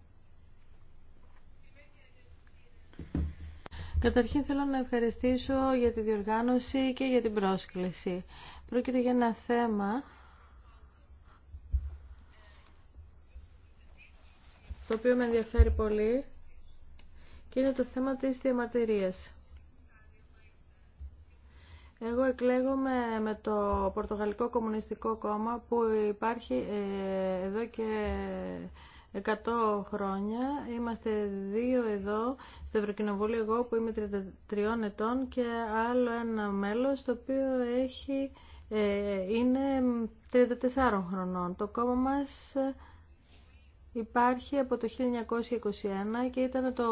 C: Καταρχήν θέλω να ευχαριστήσω για τη διοργάνωση και για την πρόσκληση. Πρόκειται για ένα θέμα το οποίο με ενδιαφέρει πολύ και είναι το θέμα της διαμαρτυρίας. Εγώ εκλέγομαι με το Πορτογαλικό Κομμουνιστικό Κόμμα που υπάρχει ε, εδώ και 100 χρόνια. Είμαστε δύο εδώ στο Ευρωκοινοβούλιο, εγώ που είμαι 33 ετών και άλλο ένα μέλος το οποίο έχει, ε, είναι 34 χρονών. Το κόμμα μας υπάρχει από το 1921 και ήταν το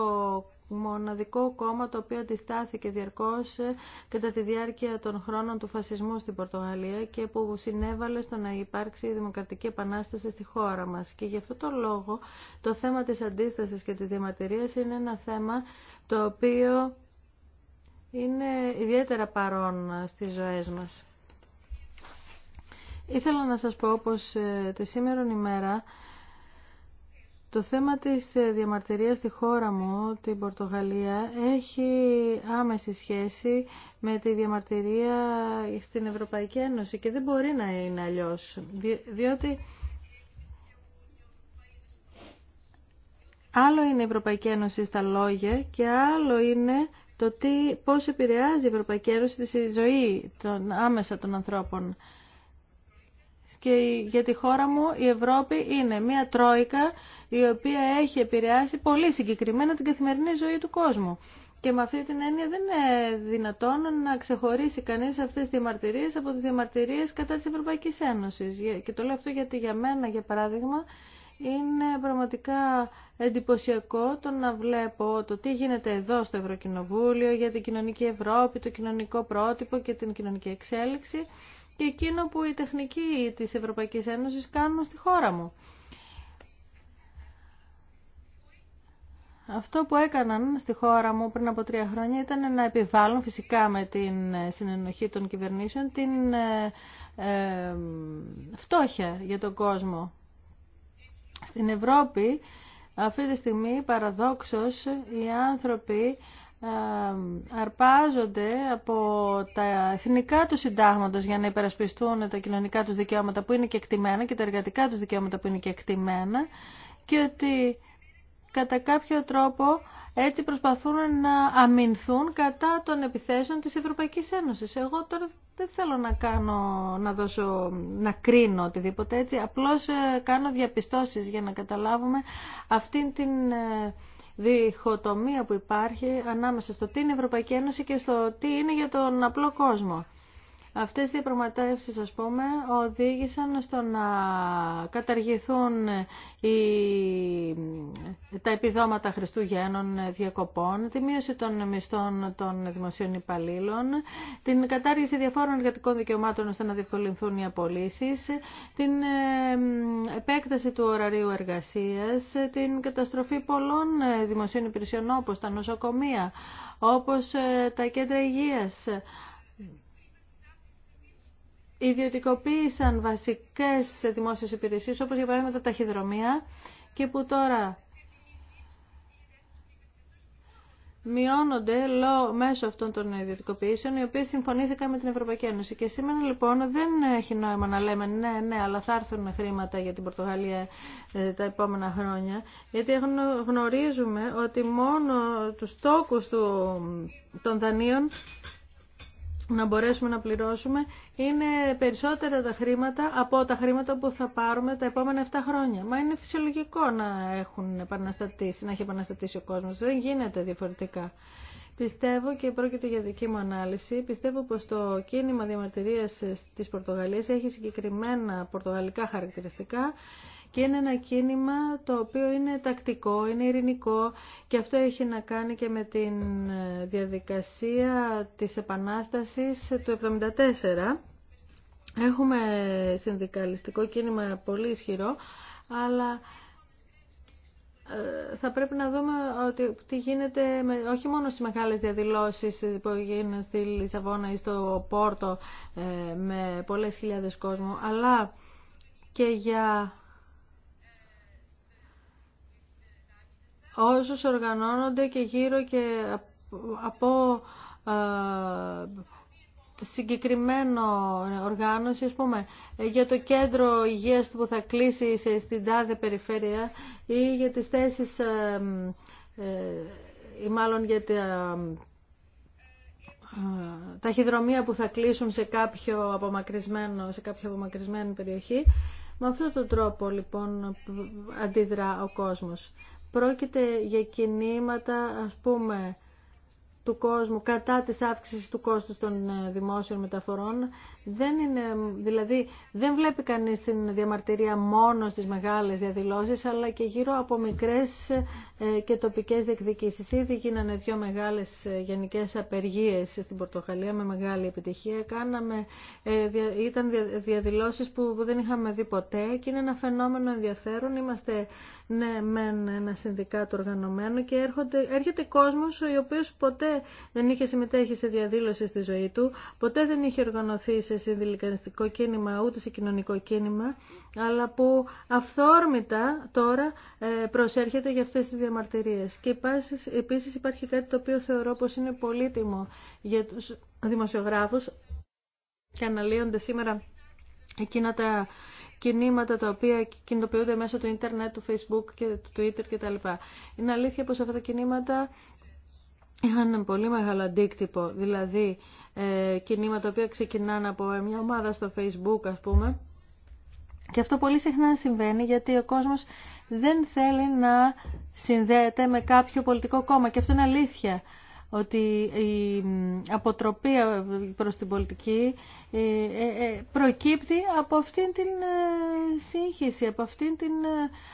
C: μοναδικό κόμμα το οποίο αντιστάθηκε διαρκώς ε, κατά τη διάρκεια των χρόνων του φασισμού στην Πορτογαλία και που συνέβαλε στο να υπάρξει η δημοκρατική επανάσταση στη χώρα μας. Και γι' αυτό το λόγο το θέμα της αντίστασης και της διαμαρτυρίας είναι ένα θέμα το οποίο είναι ιδιαίτερα παρόν ε, στις ζωές μας. Ήθελα να σας πω πως ε, τη σήμερα ημέρα το θέμα της ε, διαμαρτυρίας στη χώρα μου, την Πορτογαλία, έχει άμεση σχέση με τη διαμαρτυρία στην Ευρωπαϊκή Ένωση και δεν μπορεί να είναι αλλιώς, διότι άλλο είναι η Ευρωπαϊκή Ένωση στα λόγια και άλλο είναι το τι, πώς επηρεάζει η Ευρωπαϊκή Ένωση τη ζωή των, άμεσα των ανθρώπων και για τη χώρα μου η Ευρώπη είναι μια τρόικα η οποία έχει επηρεάσει πολύ συγκεκριμένα την καθημερινή ζωή του κόσμου. Και με αυτή την έννοια δεν είναι δυνατόν να ξεχωρίσει κανείς αυτές τις διαμαρτυρίες από τις διαμαρτυρίες κατά της Ευρωπαϊκής Ένωσης. Και το λέω αυτό γιατί για μένα, για παράδειγμα, είναι πραγματικά εντυπωσιακό το να βλέπω το τι γίνεται εδώ στο Ευρωκοινοβούλιο για την κοινωνική Ευρώπη, το κοινωνικό πρότυπο και την κοινωνική εξέλιξη και εκείνο που οι τεχνικοί της Ευρωπαϊκής Ένωσης κάνουν στη χώρα μου. Αυτό που έκαναν στη χώρα μου πριν από τρία χρόνια ήταν να επιβάλλουν φυσικά με την ε, συνενοχή των κυβερνήσεων την ε, ε, φτώχεια για τον κόσμο. Στην Ευρώπη αυτή τη στιγμή παραδόξως οι άνθρωποι ε, αρπάζονται από τα εθνικά του συντάγματα για να υπερασπιστούν τα κοινωνικά τους δικαιώματα που είναι και εκτιμένα και τα εργατικά τους δικαιώματα που είναι και εκτιμένα και ότι κατά κάποιο τρόπο έτσι προσπαθούν να αμυνθούν κατά των επιθέσεων της Ευρωπαϊκής Ένωσης. Εγώ τώρα δεν θέλω να κάνω, να δώσω, να κρίνω οτιδήποτε έτσι, απλώς ε, κάνω διαπιστώσεις για να καταλάβουμε αυτήν την ε, διχοτομία που υπάρχει ανάμεσα στο τι είναι η Ευρωπαϊκή Ένωση και στο τι είναι για τον απλό κόσμο. Αυτές οι διαπραγματεύσεις, ας πούμε, οδήγησαν στο να καταργηθούν τα επιδόματα Χριστούγεννων διακοπών, τη μείωση των μισθών των δημοσίων υπαλλήλων, την κατάργηση διαφόρων εργατικών δικαιωμάτων ώστε να διευκολυνθούν οι απολύσει, την ε, επέκταση του ωραρίου εργασίας, την καταστροφή πολλών ε, δημοσίων υπηρεσιών όπως τα νοσοκομεία, όπως ε, τα κέντρα υγείας, ιδιωτικοποίησαν βασικές δημόσιες υπηρεσίες όπως για παράδειγμα τα ταχυδρομεία και που τώρα μειώνονται μέσω αυτών των ιδιωτικοποιήσεων, οι οποίες συμφωνήθηκαν με την Ευρωπαϊκή Ένωση. Και σήμερα λοιπόν δεν έχει νόημα να λέμε ναι, ναι, αλλά θα έρθουν χρήματα για την Πορτογαλία ε, τα επόμενα χρόνια, γιατί γνωρίζουμε ότι μόνο τους τόκους των δανείων να μπορέσουμε να πληρώσουμε είναι περισσότερα τα χρήματα από τα χρήματα που θα πάρουμε τα επόμενα 7 χρόνια. Μα είναι φυσιολογικό να, έχουν επαναστατήσει, να έχει επαναστατήσει ο κόσμος. Δεν γίνεται διαφορετικά. Πιστεύω και πρόκειται για δική μου ανάλυση, πιστεύω πως το κίνημα διαμαρτυρίας της Πορτογαλίας έχει συγκεκριμένα πορτογαλικά χαρακτηριστικά και είναι ένα κίνημα το οποίο είναι τακτικό, είναι ειρηνικό και αυτό έχει να κάνει και με την ε, διαδικασία της Επανάστασης του 1974. Έχουμε συνδικαλιστικό κίνημα πολύ ισχυρό, αλλά ε, θα πρέπει να δούμε ότι τι γίνεται με, όχι μόνο στις μεγάλες διαδηλώσεις που γίνουν στη Λισαβόνα ή στο Πόρτο ε, με πολλές χιλιάδες κόσμο, αλλά και για όσους οργανώνονται και γύρω και από ε, συγκεκριμένο οργάνωση, για το κέντρο υγείας που θα κλείσει στην τάδε περιφέρεια ή για τις θέσεις, ε, ε, ή μάλλον για τα χειδρομεία που θα κλείσουν σε, κάποιο απομακρυσμένο, σε κάποια απομακρυσμένη περιοχή. Με αυτόν τον τρόπο, λοιπόν, αντιδρά ο κόσμος. Πρόκειται για κινήματα, ας πούμε, του κόσμου κατά της αύξησης του κόστου των ε, δημόσιων μεταφορών. Δεν είναι, δηλαδή δεν βλέπει κανείς την διαμαρτυρία μόνο στις μεγάλες διαδηλώσεις αλλά και γύρω από μικρές ε, και τοπικές διεκδικήσεις. Ήδη γίνανε δύο μεγάλες ε, γενικές απεργίες στην Πορτογαλία με μεγάλη επιτυχία. Κάναμε, ήταν διαδηλώσεις που δεν είχαμε δει ποτέ και είναι ένα φαινόμενο ενδιαφέρον. Είμαστε ναι, μεν ένα συνδικάτο οργανωμένο και έρχονται, έρχεται κόσμος ο οποίος ποτέ δεν είχε συμμετέχει σε διαδήλωση στη ζωή του, ποτέ δεν είχε οργανωθεί σε συνδηλικανιστικό κίνημα ούτε σε κοινωνικό κίνημα, αλλά που αυθόρμητα τώρα ε, προσέρχεται για αυτές τις διαμαρτυρίες. Και επίσης υπάρχει κάτι το οποίο θεωρώ πως είναι πολύτιμο για τους δημοσιογράφους και αναλύονται σήμερα εκείνα τα κινήματα τα οποία κινητοποιούνται μέσω του ίντερνετ, του facebook και του twitter κτλ. Είναι αλήθεια πως αυτά τα κινήματα είχαν πολύ μεγάλο αντίκτυπο, δηλαδή ε, κινήματα που ξεκινάνε από ε, μια ομάδα στο facebook ας πούμε και αυτό πολύ συχνά συμβαίνει γιατί ο κόσμος δεν θέλει να συνδέεται με κάποιο πολιτικό κόμμα και αυτό είναι αλήθεια ότι η αποτροπή προς την πολιτική ε, ε, ε, προκύπτει από αυτήν την σύγχυση, από αυτήν την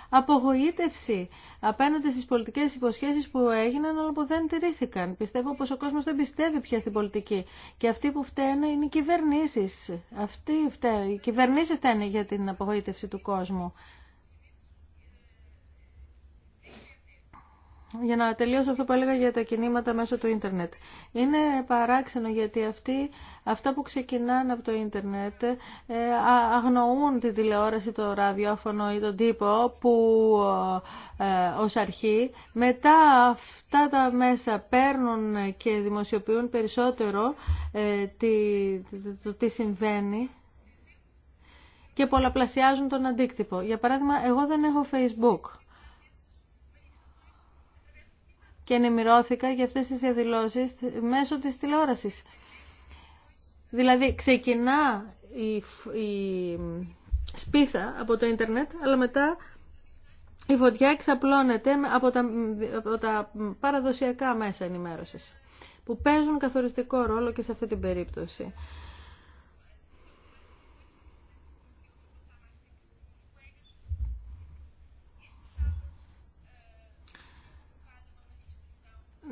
C: απογοήτευση απέναντι στις πολιτικές υποσχέσεις που έγιναν αλλά που δεν τηρήθηκαν. Πιστεύω πως ο κόσμος δεν πιστεύει πια στην πολιτική και αυτοί που φταίνε είναι οι κυβερνήσεις. Αυτοί φταίνε, οι κυβερνήσεις φταίνε για την απογοήτευση του κόσμου. για να τελειώσω αυτό που έλεγα για τα κινήματα μέσω του ίντερνετ. Είναι παράξενο γιατί αυτοί, αυτά που ξεκινάνε από το ίντερνετ ε, αγνοούν τη τηλεόραση, το ραδιόφωνο ή τον τύπο που ε, ως αρχή μετά αυτά τα μέσα παίρνουν και δημοσιοποιούν περισσότερο ε, τι, το τι συμβαίνει και πολλαπλασιάζουν τον αντίκτυπο. Για παράδειγμα, εγώ δεν έχω Facebook. και ενημερώθηκα για αυτές τις διαδηλώσεις μέσω της τηλεόρασης. Δηλαδή ξεκινά η, η σπίθα από το ίντερνετ, αλλά μετά η φωτιά εξαπλώνεται από τα, από τα παραδοσιακά μέσα ενημέρωσης που παίζουν καθοριστικό ρόλο και σε αυτή την περίπτωση.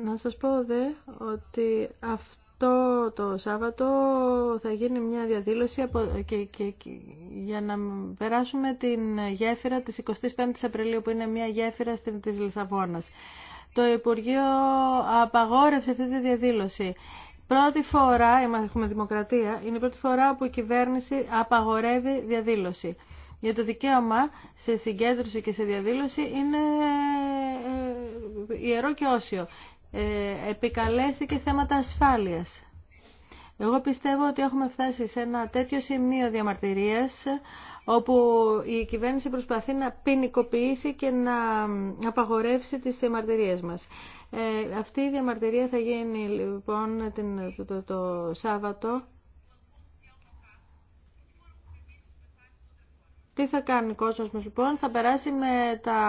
C: Να σας πω δε ότι αυτό το Σάββατο θα γίνει μια διαδήλωση και, για να περάσουμε την γέφυρα της 25ης Απριλίου που είναι μια γέφυρα στην, της Λισαβόνας. Το Υπουργείο απαγόρευσε αυτή τη διαδήλωση. Πρώτη φορά, έχουμε δημοκρατία, είναι η πρώτη φορά που η κυβέρνηση απαγορεύει διαδήλωση. Για το δικαίωμα σε συγκέντρωση και σε διαδήλωση είναι ε, ε, ιερό και όσιο. Ε, επικαλέσει και θέματα ασφάλειας. Εγώ πιστεύω ότι έχουμε φτάσει σε ένα τέτοιο σημείο διαμαρτυρίας όπου η κυβέρνηση προσπαθεί να ποινικοποιήσει και να απαγορεύσει τις διαμαρτυρίες μας. Ε, αυτή η διαμαρτυρία θα γίνει λοιπόν την το, το, το Σάββατο Τι θα κάνει ο κόσμος λοιπόν, θα περάσει με τα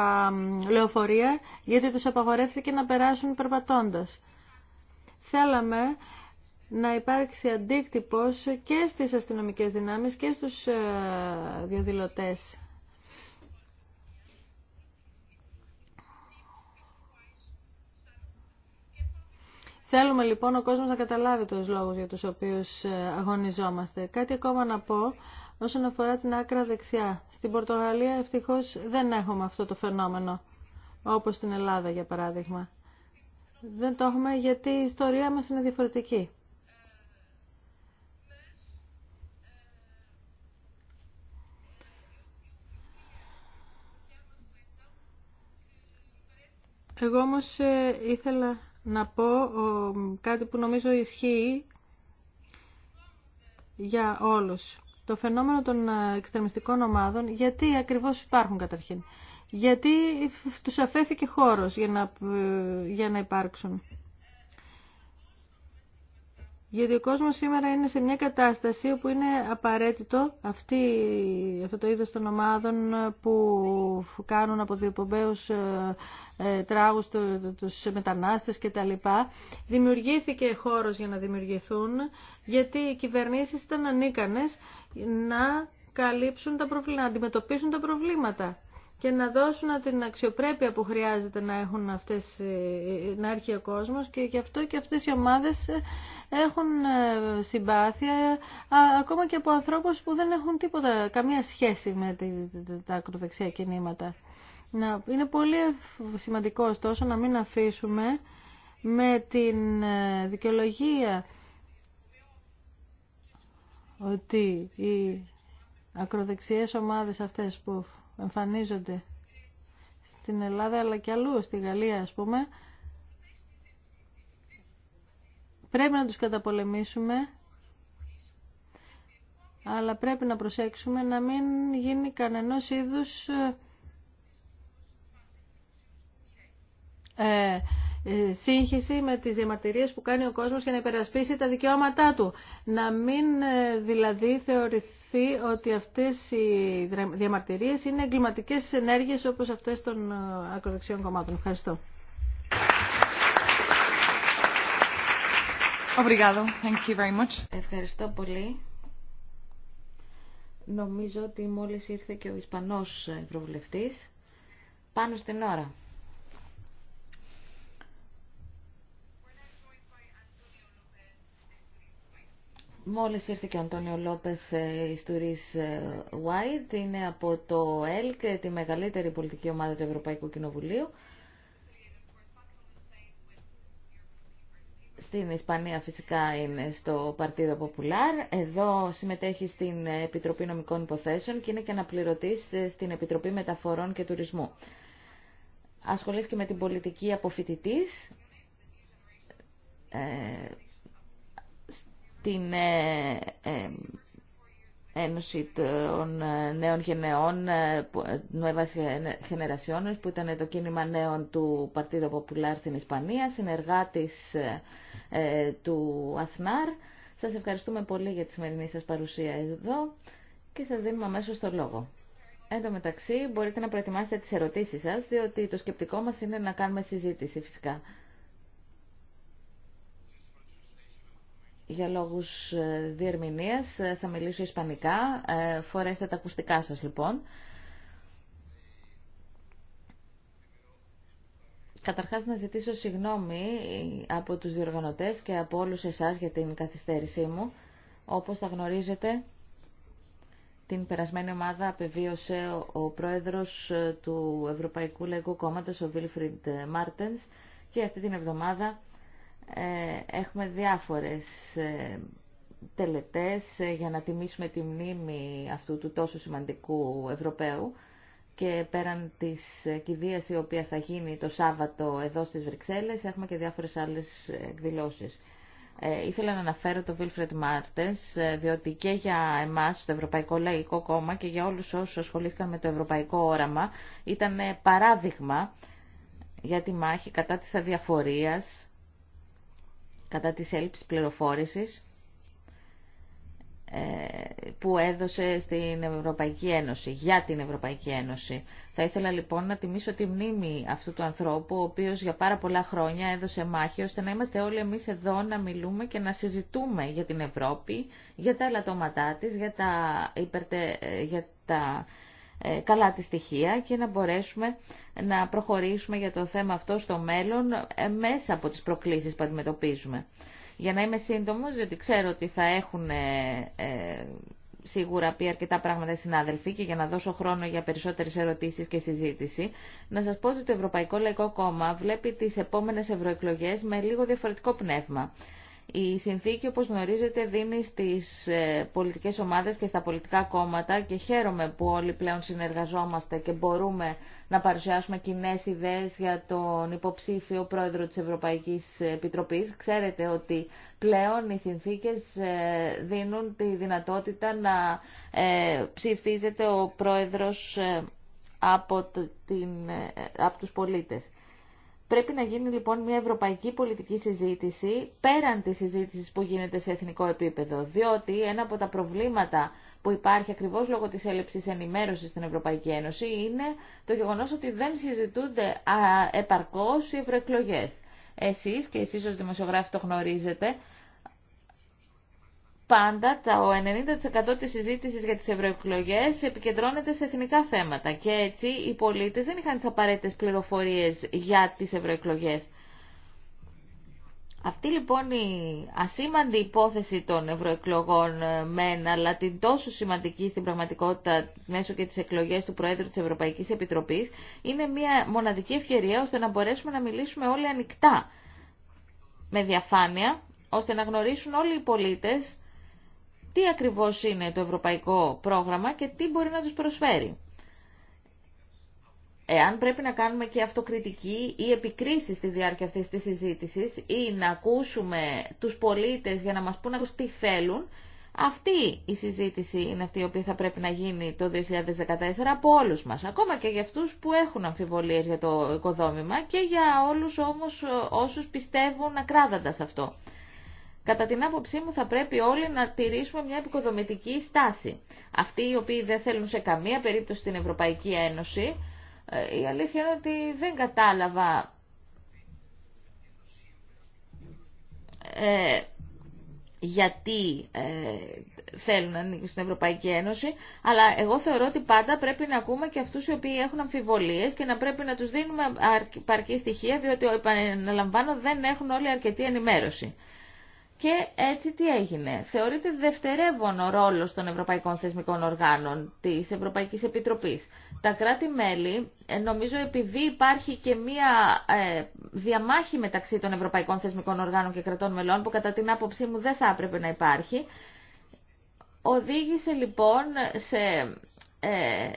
C: λεωφορεία γιατί τους απαγορεύθηκε να περάσουν περπατώντας. Θέλαμε να υπάρξει αντίκτυπος και στις αστυνομικές δυνάμεις και στους ε, διαδηλωτές. Θέλουμε λοιπόν ο κόσμος να καταλάβει τους λόγους για τους οποίους ε, αγωνιζόμαστε. Κάτι ακόμα να πω όσον αφορά την άκρα δεξιά. Στην Πορτογαλία ευτυχώς δεν έχουμε αυτό το φαινόμενο, όπως στην Ελλάδα για παράδειγμα. Δεν το έχουμε γιατί η ιστορία μας είναι διαφορετική. Εγώ όμως ε, ήθελα να πω κάτι που νομίζω ισχύει για όλους το φαινόμενο των ε, εξτρεμιστικών ομάδων, γιατί ακριβώς υπάρχουν καταρχήν. Γιατί τους αφέθηκε χώρος για να, ε, για να υπάρξουν. Γιατί ο κόσμος σήμερα είναι σε μια κατάσταση όπου είναι απαραίτητο αυτή, αυτό το είδος των ομάδων που κάνουν από ε, ε, τράγους τους μετανάστες και τα λοιπά. Δημιουργήθηκε χώρος για να δημιουργηθούν γιατί οι κυβερνήσεις ήταν ανίκανες να καλύψουν τα προβλήματα, να αντιμετωπίσουν τα προβλήματα και να δώσουν την αξιοπρέπεια που χρειάζεται να έχουν αυτές, να έρχει ο κόσμος και γι' αυτό και αυτές οι ομάδες έχουν ε, συμπάθεια ακόμα και από ανθρώπους που δεν έχουν τίποτα, καμία σχέση με τα ακροδεξιά κινήματα. Να, είναι πολύ σημαντικό ωστόσο να μην αφήσουμε με την ε, δικαιολογία ότι οι ακροδεξιές ομάδες αυτές που εμφανίζονται στην Ελλάδα αλλά και αλλού, στη Γαλλία ας πούμε, πρέπει να τους καταπολεμήσουμε, αλλά πρέπει να προσέξουμε να μην γίνει κανένας είδους ε, ε, σύγχυση με τις διαμαρτυρίες που κάνει ο κόσμος για να υπερασπίσει τα δικαιώματά του. Να μην ε, δηλαδή θεωρηθεί αποδειχθεί ότι αυτές οι διαμαρτυρίες είναι εγκληματικές ενέργειες όπως αυτές των ε, ακροδεξιών κομμάτων. Ευχαριστώ.
A: Thank you Ευχαριστώ πολύ. Νομίζω ότι μόλις ήρθε και ο Ισπανός Ευρωβουλευτής πάνω στην ώρα. Μόλις ήρθε και ο Αντώνιο Λόπεθ ε, Ιστουρίς ε, White, είναι από το ΕΛΚ, τη μεγαλύτερη πολιτική ομάδα του Ευρωπαϊκού Κοινοβουλίου. Στην Ισπανία φυσικά είναι στο Παρτίδο Ποπουλάρ Εδώ συμμετέχει στην Επιτροπή Νομικών Υποθέσεων και είναι και αναπληρωτής ε, στην Επιτροπή Μεταφορών και Τουρισμού. Ασχολήθηκε με την πολιτική αποφοιτητής την ε, ε, Ένωση των ε, Νέων Γενεών, Νουέβας γενερασιών, που ήταν το κίνημα νέων του Παρτίδο Ποπουλάρ στην Ισπανία, συνεργάτης του Αθνάρ. Σα ευχαριστούμε πολύ για τη σημερινή σα παρουσία εδώ και σα δίνουμε αμέσω το λόγο. Εν τω μεταξύ μπορείτε να προετοιμάσετε τι ερωτήσει σα, διότι το σκεπτικό μα είναι να κάνουμε συζήτηση φυσικά. για λόγους ε, διερμηνίας ε, θα μιλήσω ισπανικά. Ε, φορέστε τα ακουστικά σας λοιπόν. Καταρχάς να ζητήσω συγγνώμη από τους διοργανωτές και από όλους εσάς για την καθυστέρησή μου. Όπως θα γνωρίζετε, την περασμένη ομάδα απεβίωσε ο πρόεδρος του Ευρωπαϊκού Λαϊκού Κόμματος, ο Βίλφριντ Μάρτενς, και αυτή την εβδομάδα ε, έχουμε διάφορες ε, τελετές ε, για να τιμήσουμε τη μνήμη αυτού του τόσο σημαντικού Ευρωπαίου και πέραν της κηδείας η οποία θα γίνει το Σάββατο εδώ στις Βρυξέλλες έχουμε και διάφορες άλλες εκδηλώσεις. ήθελα να αναφέρω τον Βίλφρεντ Μάρτες, διότι και για εμάς, το Ευρωπαϊκό Λαϊκό Κόμμα και για όλους όσους ασχολήθηκαν με το ευρωπαϊκό όραμα, ήταν παράδειγμα για τη μάχη κατά της αδιαφορίας, κατά της έλλειψης πληροφόρησης ε, που έδωσε στην Ευρωπαϊκή Ένωση, για την Ευρωπαϊκή Ένωση. Θα ήθελα λοιπόν να τιμήσω τη μνήμη αυτού του ανθρώπου, ο οποίος για πάρα πολλά χρόνια έδωσε μάχη, ώστε να είμαστε όλοι εμείς εδώ να μιλούμε και να συζητούμε για την Ευρώπη, για τα ελαττώματά της, για τα, υπερτε... Ε, για τα ε, καλά τη στοιχεία και να μπορέσουμε να προχωρήσουμε για το θέμα αυτό στο μέλλον ε, μέσα από τις προκλήσεις που αντιμετωπίζουμε. Για να είμαι σύντομος, διότι ξέρω ότι θα έχουν ε, σίγουρα πει αρκετά πράγματα οι συνάδελφοι και για να δώσω χρόνο για περισσότερες ερωτήσεις και συζήτηση, να σας πω ότι το Ευρωπαϊκό Λαϊκό Κόμμα βλέπει τις επόμενες ευρωεκλογέ με λίγο διαφορετικό πνεύμα. Η συνθήκη, όπως γνωρίζετε, δίνει στις ε, πολιτικές ομάδες και στα πολιτικά κόμματα και χαίρομαι που όλοι πλέον συνεργαζόμαστε και μπορούμε να παρουσιάσουμε κοινέ ιδέες για τον υποψήφιο πρόεδρο της Ευρωπαϊκής Επιτροπής. Ξέρετε ότι πλέον οι συνθήκες ε, δίνουν τη δυνατότητα να ε, ψηφίζεται ο πρόεδρος από, την, από τους πολίτες. Πρέπει να γίνει λοιπόν μια ευρωπαϊκή πολιτική συζήτηση πέραν της συζήτησης που γίνεται σε εθνικό επίπεδο, διότι ένα από τα προβλήματα που υπάρχει ακριβώς λόγω της έλλειψης ενημέρωσης στην Ευρωπαϊκή Ένωση είναι το γεγονός ότι δεν συζητούνται επαρκώς οι ευρωεκλογέ. Εσείς και εσείς ως δημοσιογράφοι το γνωρίζετε, πάντα το 90% της συζήτησης για τις ευρωεκλογέ επικεντρώνεται σε εθνικά θέματα και έτσι οι πολίτες δεν είχαν τις απαραίτητες πληροφορίες για τις ευρωεκλογέ. Αυτή λοιπόν η ασήμαντη υπόθεση των ευρωεκλογών ε, μεν, αλλά την τόσο σημαντική στην πραγματικότητα μέσω και τις εκλογές του Προέδρου της Ευρωπαϊκής Επιτροπής, είναι μια μοναδική ευκαιρία ώστε να μπορέσουμε να μιλήσουμε όλοι ανοιχτά με διαφάνεια, ώστε να γνωρίσουν όλοι οι πολίτες τι ακριβώς είναι το ευρωπαϊκό πρόγραμμα και τι μπορεί να τους προσφέρει. Εάν πρέπει να κάνουμε και αυτοκριτική ή επικρίσεις στη διάρκεια αυτής της συζήτησης ή να ακούσουμε τους πολίτες για να μας πούνε τι θέλουν, αυτή η συζήτηση είναι αυτή η οποία θα πρέπει να γίνει το 2014 από όλους μας, ακόμα και για αυτούς που έχουν αμφιβολίες για το οικοδόμημα και για όλους όμως ε, όσους πιστεύουν ακράδαντα σε αυτό. Κατά την άποψή μου θα πρέπει όλοι να τηρήσουμε μια επικοδομητική στάση. Αυτοί οι οποίοι δεν θέλουν σε καμία περίπτωση την Ευρωπαϊκή Ένωση, ε, η αλήθεια είναι ότι δεν κατάλαβα ε, γιατί ε, θέλουν να ανήκουν στην Ευρωπαϊκή Ένωση, αλλά εγώ θεωρώ ότι πάντα πρέπει να ακούμε και αυτούς οι οποίοι έχουν αμφιβολίες και να πρέπει να τους δίνουμε παρκή στοιχεία, διότι, επαναλαμβάνω, δεν έχουν όλοι αρκετή ενημέρωση. Και έτσι τι έγινε. Θεωρείται δευτερεύον ο ρόλος των Ευρωπαϊκών Θεσμικών Οργάνων της Ευρωπαϊκής Επιτροπής. Τα κράτη-μέλη, ε, νομίζω επειδή υπάρχει και μία ε, διαμάχη μεταξύ των Ευρωπαϊκών Θεσμικών Οργάνων και κρατών μελών, που κατά την άποψή μου δεν θα έπρεπε να υπάρχει, οδήγησε λοιπόν σε ε,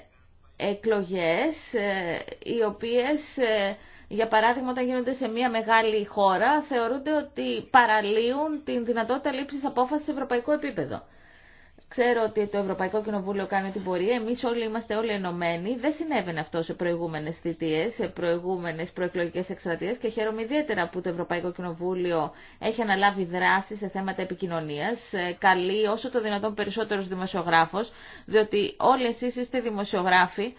A: εκλογές ε, οι οποίες για παράδειγμα, όταν γίνονται σε μια μεγάλη χώρα, θεωρούνται ότι παραλύουν την δυνατότητα λήψη απόφαση σε ευρωπαϊκό επίπεδο. Ξέρω ότι το Ευρωπαϊκό Κοινοβούλιο κάνει την πορεία. Εμεί όλοι είμαστε όλοι ενωμένοι. Δεν συνέβαινε αυτό σε προηγούμενε θητείε, σε προηγούμενε προεκλογικέ εκστρατείε και χαίρομαι ιδιαίτερα που το Ευρωπαϊκό Κοινοβούλιο έχει αναλάβει δράση σε θέματα επικοινωνία. Ε, καλεί όσο το δυνατόν περισσότερο δημοσιογράφο, διότι όλοι εσεί είστε δημοσιογράφοι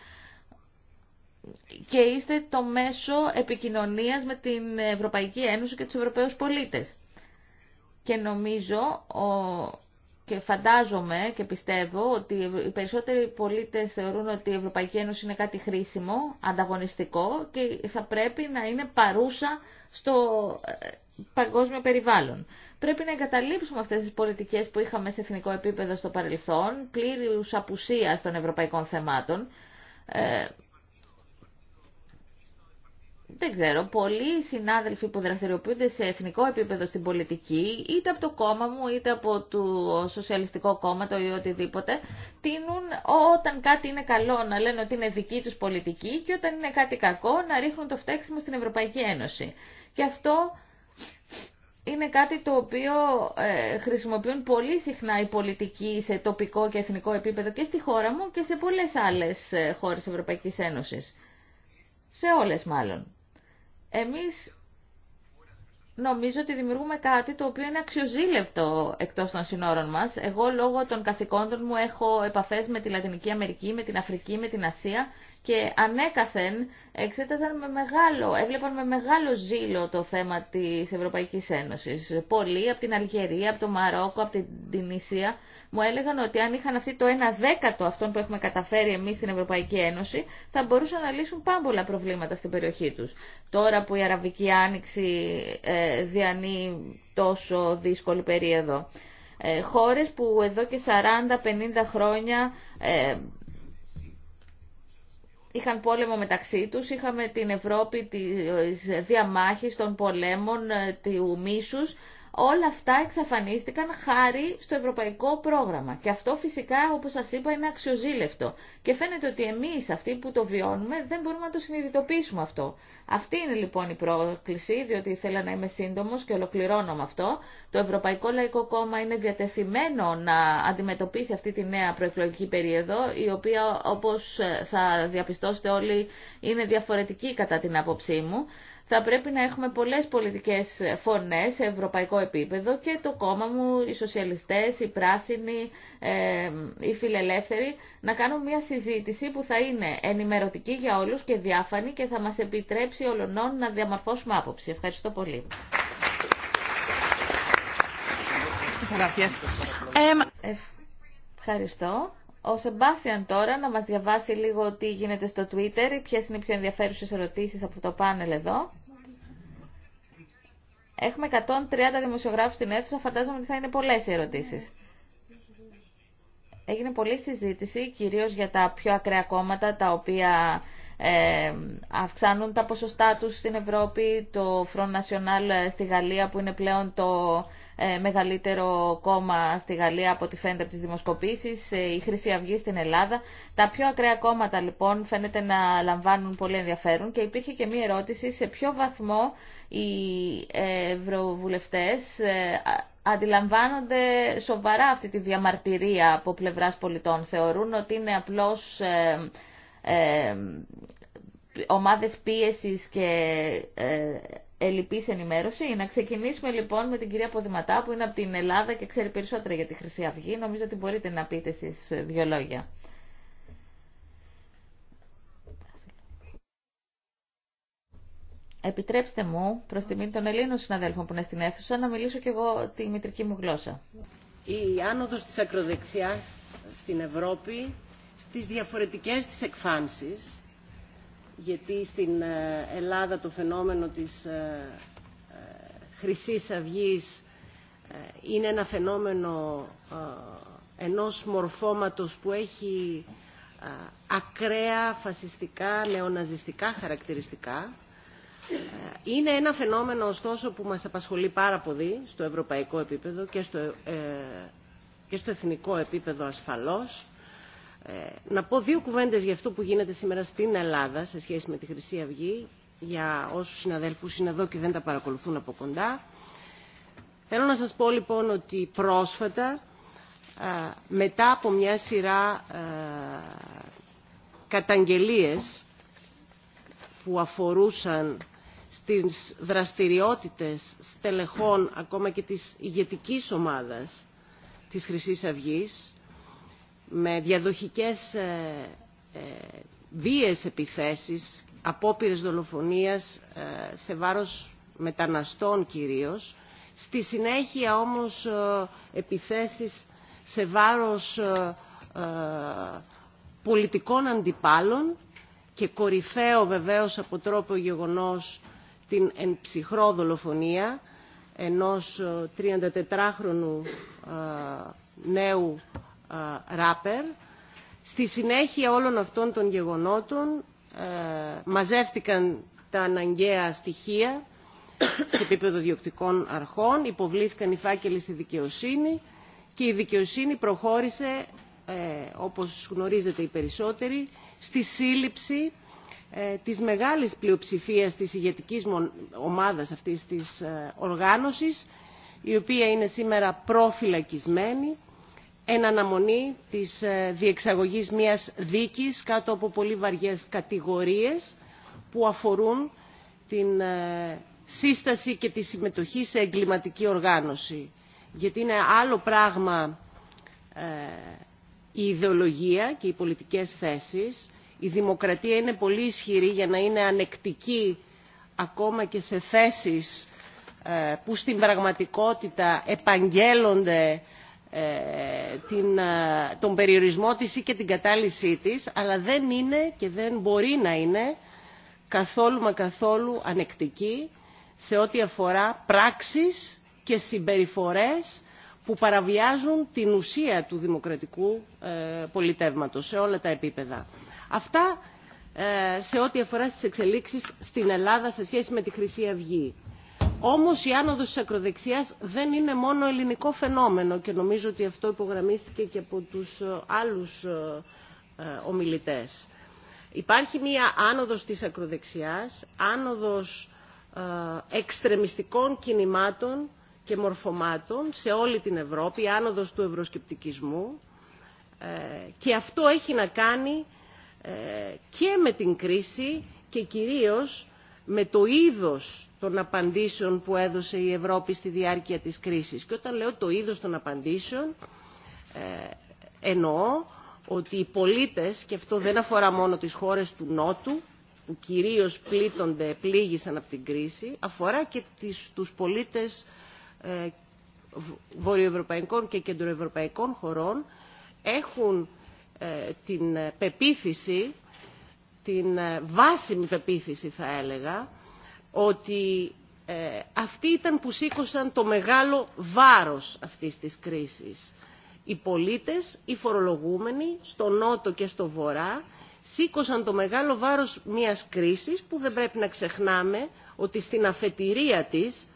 A: και είστε το μέσο επικοινωνίας με την Ευρωπαϊκή Ένωση και τους Ευρωπαίους πολίτες. Και νομίζω και φαντάζομαι και πιστεύω ότι οι περισσότεροι πολίτες θεωρούν ότι η Ευρωπαϊκή Ένωση είναι κάτι χρήσιμο, ανταγωνιστικό και θα πρέπει να είναι παρούσα στο ε, παγκόσμιο περιβάλλον. Πρέπει να εγκαταλείψουμε αυτές τις πολιτικές που είχαμε σε εθνικό επίπεδο στο παρελθόν, πλήρους απουσίας των ευρωπαϊκών θεμάτων. Ε, δεν ξέρω, πολλοί συνάδελφοι που δραστηριοποιούνται σε εθνικό επίπεδο στην πολιτική, είτε από το κόμμα μου, είτε από το Σοσιαλιστικό Κόμμα, το ή οτιδήποτε, τίνουν όταν κάτι είναι καλό να λένε ότι είναι δική τους πολιτική και όταν είναι κάτι κακό να ρίχνουν το φταίξιμο στην Ευρωπαϊκή Ένωση. Και αυτό είναι κάτι το οποίο ε, χρησιμοποιούν πολύ συχνά οι πολιτικοί σε τοπικό και εθνικό επίπεδο και στη χώρα μου και σε πολλές άλλες ε, χώρες Ευρωπαϊκής Ένωσης. Σε όλες μάλλον. Εμείς νομίζω ότι δημιουργούμε κάτι το οποίο είναι αξιοζήλευτο εκτός των συνόρων μας. Εγώ λόγω των καθηκόντων μου έχω επαφές με τη Λατινική Αμερική, με την Αφρική, με την Ασία και ανέκαθεν εξέταζαν με μεγάλο, έβλεπαν με μεγάλο ζήλο το θέμα της Ευρωπαϊκής Ένωσης. Πολλοί από την Αλγερία, από το Μαρόκο, από την Τινησία μου έλεγαν ότι αν είχαν αυτή το 1 δέκατο αυτών που έχουμε καταφέρει εμείς στην Ευρωπαϊκή Ένωση θα μπορούσαν να λύσουν πάμπολα προβλήματα στην περιοχή τους. Τώρα που η Αραβική Άνοιξη ε, διανύει τόσο δύσκολη περίοδο. Ε, χώρες που εδώ και 40-50 χρόνια ε, είχαν πόλεμο μεταξύ τους, είχαμε την Ευρώπη τη διαμάχης των πολέμων, ε, του μίσους όλα αυτά εξαφανίστηκαν χάρη στο ευρωπαϊκό πρόγραμμα. Και αυτό φυσικά, όπως σας είπα, είναι αξιοζήλευτο. Και φαίνεται ότι εμείς, αυτοί που το βιώνουμε, δεν μπορούμε να το συνειδητοποιήσουμε αυτό. Αυτή είναι λοιπόν η πρόκληση, διότι ήθελα να είμαι σύντομος και ολοκληρώνω με αυτό. Το Ευρωπαϊκό Λαϊκό Κόμμα είναι διατεθειμένο να αντιμετωπίσει αυτή τη νέα προεκλογική περίοδο, η οποία, όπως θα διαπιστώσετε όλοι, είναι διαφορετική κατά την άποψή μου θα πρέπει να έχουμε πολλές πολιτικές φωνές σε ευρωπαϊκό επίπεδο και το κόμμα μου, οι σοσιαλιστές, οι πράσινοι, ε, οι φιλελεύθεροι, να κάνουν μια συζήτηση που θα είναι ενημερωτική για όλους και διάφανη και θα μας επιτρέψει ολονών να διαμορφώσουμε άποψη. Ευχαριστώ πολύ. Ευχαριστώ ο Σεμπάσιαν τώρα να μας διαβάσει λίγο τι γίνεται στο Twitter, ποιες είναι οι πιο ενδιαφέρουσες ερωτήσεις από το πάνελ εδώ. Έχουμε 130 δημοσιογράφους στην αίθουσα, φαντάζομαι ότι θα είναι πολλές οι ερωτήσεις. Έγινε πολλή συζήτηση, κυρίως για τα πιο ακραία κόμματα, τα οποία ε, αυξάνουν τα ποσοστά τους στην Ευρώπη, το Front National ε, στη Γαλλία που είναι πλέον το ε, μεγαλύτερο κόμμα στη Γαλλία από ό,τι φαίνεται από τις δημοσκοπήσεις, ε, η Χρυσή Αυγή στην Ελλάδα. Τα πιο ακραία κόμματα λοιπόν φαίνεται να λαμβάνουν πολύ ενδιαφέρον και υπήρχε και μία ερώτηση σε ποιο βαθμό οι ε, ευρωβουλευτές αντιλαμβάνονται σοβαρά αυτή τη διαμαρτυρία από πλευράς πολιτών. Θεωρούν ότι είναι απλώς ομάδες πίεσης και ελληπή ενημέρωση. Να ξεκινήσουμε λοιπόν με την κυρία Ποδηματά που είναι από την Ελλάδα και ξέρει περισσότερα για τη Χρυσή Αυγή. Νομίζω ότι μπορείτε να πείτε εσεί δύο λόγια. Επιτρέψτε μου, προς τιμή των Ελλήνων συναδέλφων που είναι στην αίθουσα, να μιλήσω κι εγώ τη μητρική μου γλώσσα.
B: Η άνοδος της ακροδεξιάς στην Ευρώπη, στις διαφορετικές της εκφάνσεις, γιατί στην ε, Ελλάδα το φαινόμενο της ε, ε, χρυσή αυγή είναι ένα φαινόμενο ενός μορφώματος που έχει ακραία φασιστικά, νεοναζιστικά χαρακτηριστικά. Είναι ένα φαινόμενο ωστόσο που μας απασχολεί πάρα πολύ στο ευρωπαϊκό επίπεδο και στο, και στο εθνικό επίπεδο ασφαλώς ε, να πω δύο κουβέντες για αυτό που γίνεται σήμερα στην Ελλάδα σε σχέση με τη Χρυσή Αυγή για όσους συναδέλφους είναι εδώ και δεν τα παρακολουθούν από κοντά. Θέλω να σας πω λοιπόν ότι πρόσφατα ε, μετά από μια σειρά ε, καταγγελίες που αφορούσαν στις δραστηριότητες στελεχών ακόμα και της ηγετικής ομάδας της χρυσή Αυγής με διαδοχικές ε, ε, βίες επιθέσεις, απόπειρες δολοφονίας ε, σε βάρος μεταναστών κυρίως, στη συνέχεια όμως επιθέσεις σε βάρος πολιτικών αντιπάλων και κορυφαίο βεβαίως από τρόπο γεγονός την ψυχρο δολοφονια δολοφονία ενός 34χρονου νέου ε, ράπερ. Στη συνέχεια όλων αυτών των γεγονότων ε, μαζεύτηκαν τα αναγκαία στοιχεία σε επίπεδο διοκτικών αρχών, υποβλήθηκαν οι φάκελοι στη δικαιοσύνη και η δικαιοσύνη προχώρησε, ε, όπως γνωρίζετε οι περισσότεροι, στη σύλληψη της μεγάλης πλειοψηφίας της ηγετικής ομάδας αυτής της οργάνωσης, η οποία είναι σήμερα προφυλακισμένη εν αναμονή της ε, διεξαγωγής μιας δίκης κάτω από πολύ βαριές κατηγορίες που αφορούν την ε, σύσταση και τη συμμετοχή σε εγκληματική οργάνωση. Γιατί είναι άλλο πράγμα ε, η ιδεολογία και οι πολιτικές θέσεις. Η δημοκρατία είναι πολύ ισχυρή για να είναι ανεκτική ακόμα και σε θέσεις που στην πραγματικότητα επαγγέλλονται ε, την, ε, τον περιορισμό της ή και την κατάλυσή της, αλλά δεν είναι και δεν μπορεί να είναι καθόλου μα καθόλου ανεκτική σε ό,τι αφορά πράξεις και συμπεριφορές που παραβιάζουν την ουσία του δημοκρατικού ε, πολιτεύματος σε όλα τα επίπεδα. Αυτά σε ό,τι αφορά στις εξελίξεις στην Ελλάδα σε σχέση με τη Χρυσή Αυγή. Όμως η άνοδος της ακροδεξιάς δεν είναι μόνο ελληνικό φαινόμενο και νομίζω ότι αυτό υπογραμμίστηκε και από τους ε, άλλους ε, ε, ομιλητές. Υπάρχει μία άνοδος της ακροδεξιάς, άνοδος εξτρεμιστικών κινημάτων και μορφωμάτων σε όλη την Ευρώπη, άνοδος του ευρωσκεπτικισμού και αυτό έχει να κάνει και με την κρίση και κυρίως με το είδος των απαντήσεων που έδωσε η Ευρώπη στη διάρκεια της κρίσης. Και όταν λέω το είδος των απαντήσεων, ε, εννοώ ότι οι πολίτες, και αυτό δεν αφορά μόνο τις χώρες του Νότου, που κυρίως πλήττονται, πλήγησαν από την κρίση, αφορά και τις, τους πολίτες ε, βορειοευρωπαϊκών και κεντροευρωπαϊκών χωρών, έχουν ε, την πεποίθηση την ε, βάσιμη πεποίθηση θα έλεγα ότι ε, αυτοί ήταν που σήκωσαν το μεγάλο βάρος αυτής της κρίσης. Οι πολίτες, οι φορολογούμενοι, στο νότο και στο βορρά, σήκωσαν το μεγάλο βάρος μιας κρίσης που δεν πρέπει να ξεχνάμε ότι στην αφετηρία της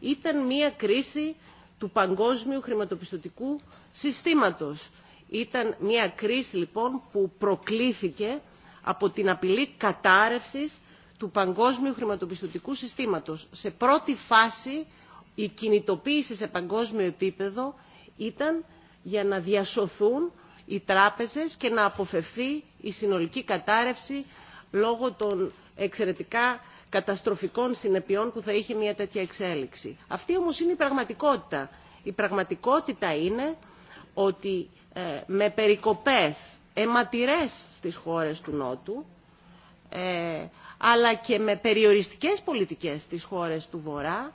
B: ήταν μια κρίση του παγκόσμιου χρηματοπιστωτικού συστήματος. Ήταν μια κρίση λοιπόν που προκλήθηκε από την απειλή κατάρρευσης του παγκόσμιου χρηματοπιστωτικού συστήματος. Σε πρώτη φάση η κινητοποίηση σε παγκόσμιο επίπεδο ήταν για να διασωθούν οι τράπεζες και να αποφευθεί η συνολική κατάρρευση λόγω των εξαιρετικά καταστροφικών συνεπειών που θα είχε μια τέτοια εξέλιξη. Αυτή όμως είναι η πραγματικότητα. Η πραγματικότητα είναι ότι ε, με περικοπές αιματηρές στις χώρες του Νότου, ε, αλλά και με περιοριστικές πολιτικές στις χώρες του Βορρά,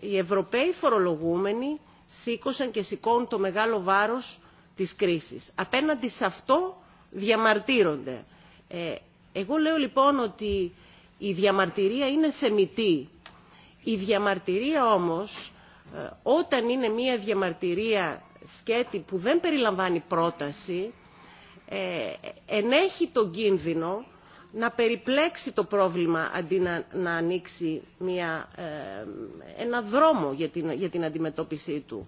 B: οι Ευρωπαίοι φορολογούμενοι σήκωσαν και σηκώνουν το μεγάλο βάρος της κρίσης. Απέναντι σε αυτό διαμαρτύρονται. Ε, εγώ λέω λοιπόν ότι η διαμαρτυρία είναι θεμητή. Η διαμαρτυρία όμως, ε, όταν είναι μια διαμαρτυρία σκέτη που δεν περιλαμβάνει πρόταση, ε, ενέχει τον κίνδυνο να περιπλέξει το πρόβλημα αντί να, να ανοίξει μια, ε, ένα δρόμο για την, για την αντιμετώπιση του.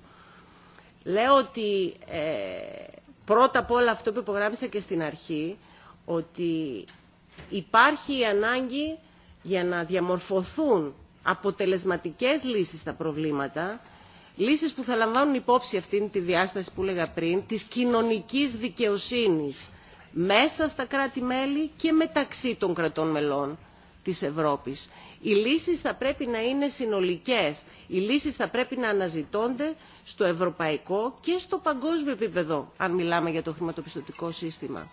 B: Λέω ότι ε, πρώτα απ' όλα αυτό που υπογράμμισα και στην αρχή, ότι υπάρχει η ανάγκη για να διαμορφωθούν αποτελεσματικές λύσεις στα προβλήματα λύσεις που θα λαμβάνουν υπόψη αυτήν τη διάσταση που έλεγα πριν, της κοινωνικής δικαιοσύνης μέσα στα κράτη-μέλη και μεταξύ των κρατών μελών της Ευρώπης. Οι λύσεις θα πρέπει να είναι συνολικές. Οι λύσεις θα πρέπει να αναζητώνται στο ευρωπαϊκό και στο παγκόσμιο επίπεδο, αν μιλάμε για το χρηματοπιστωτικό σύστημα.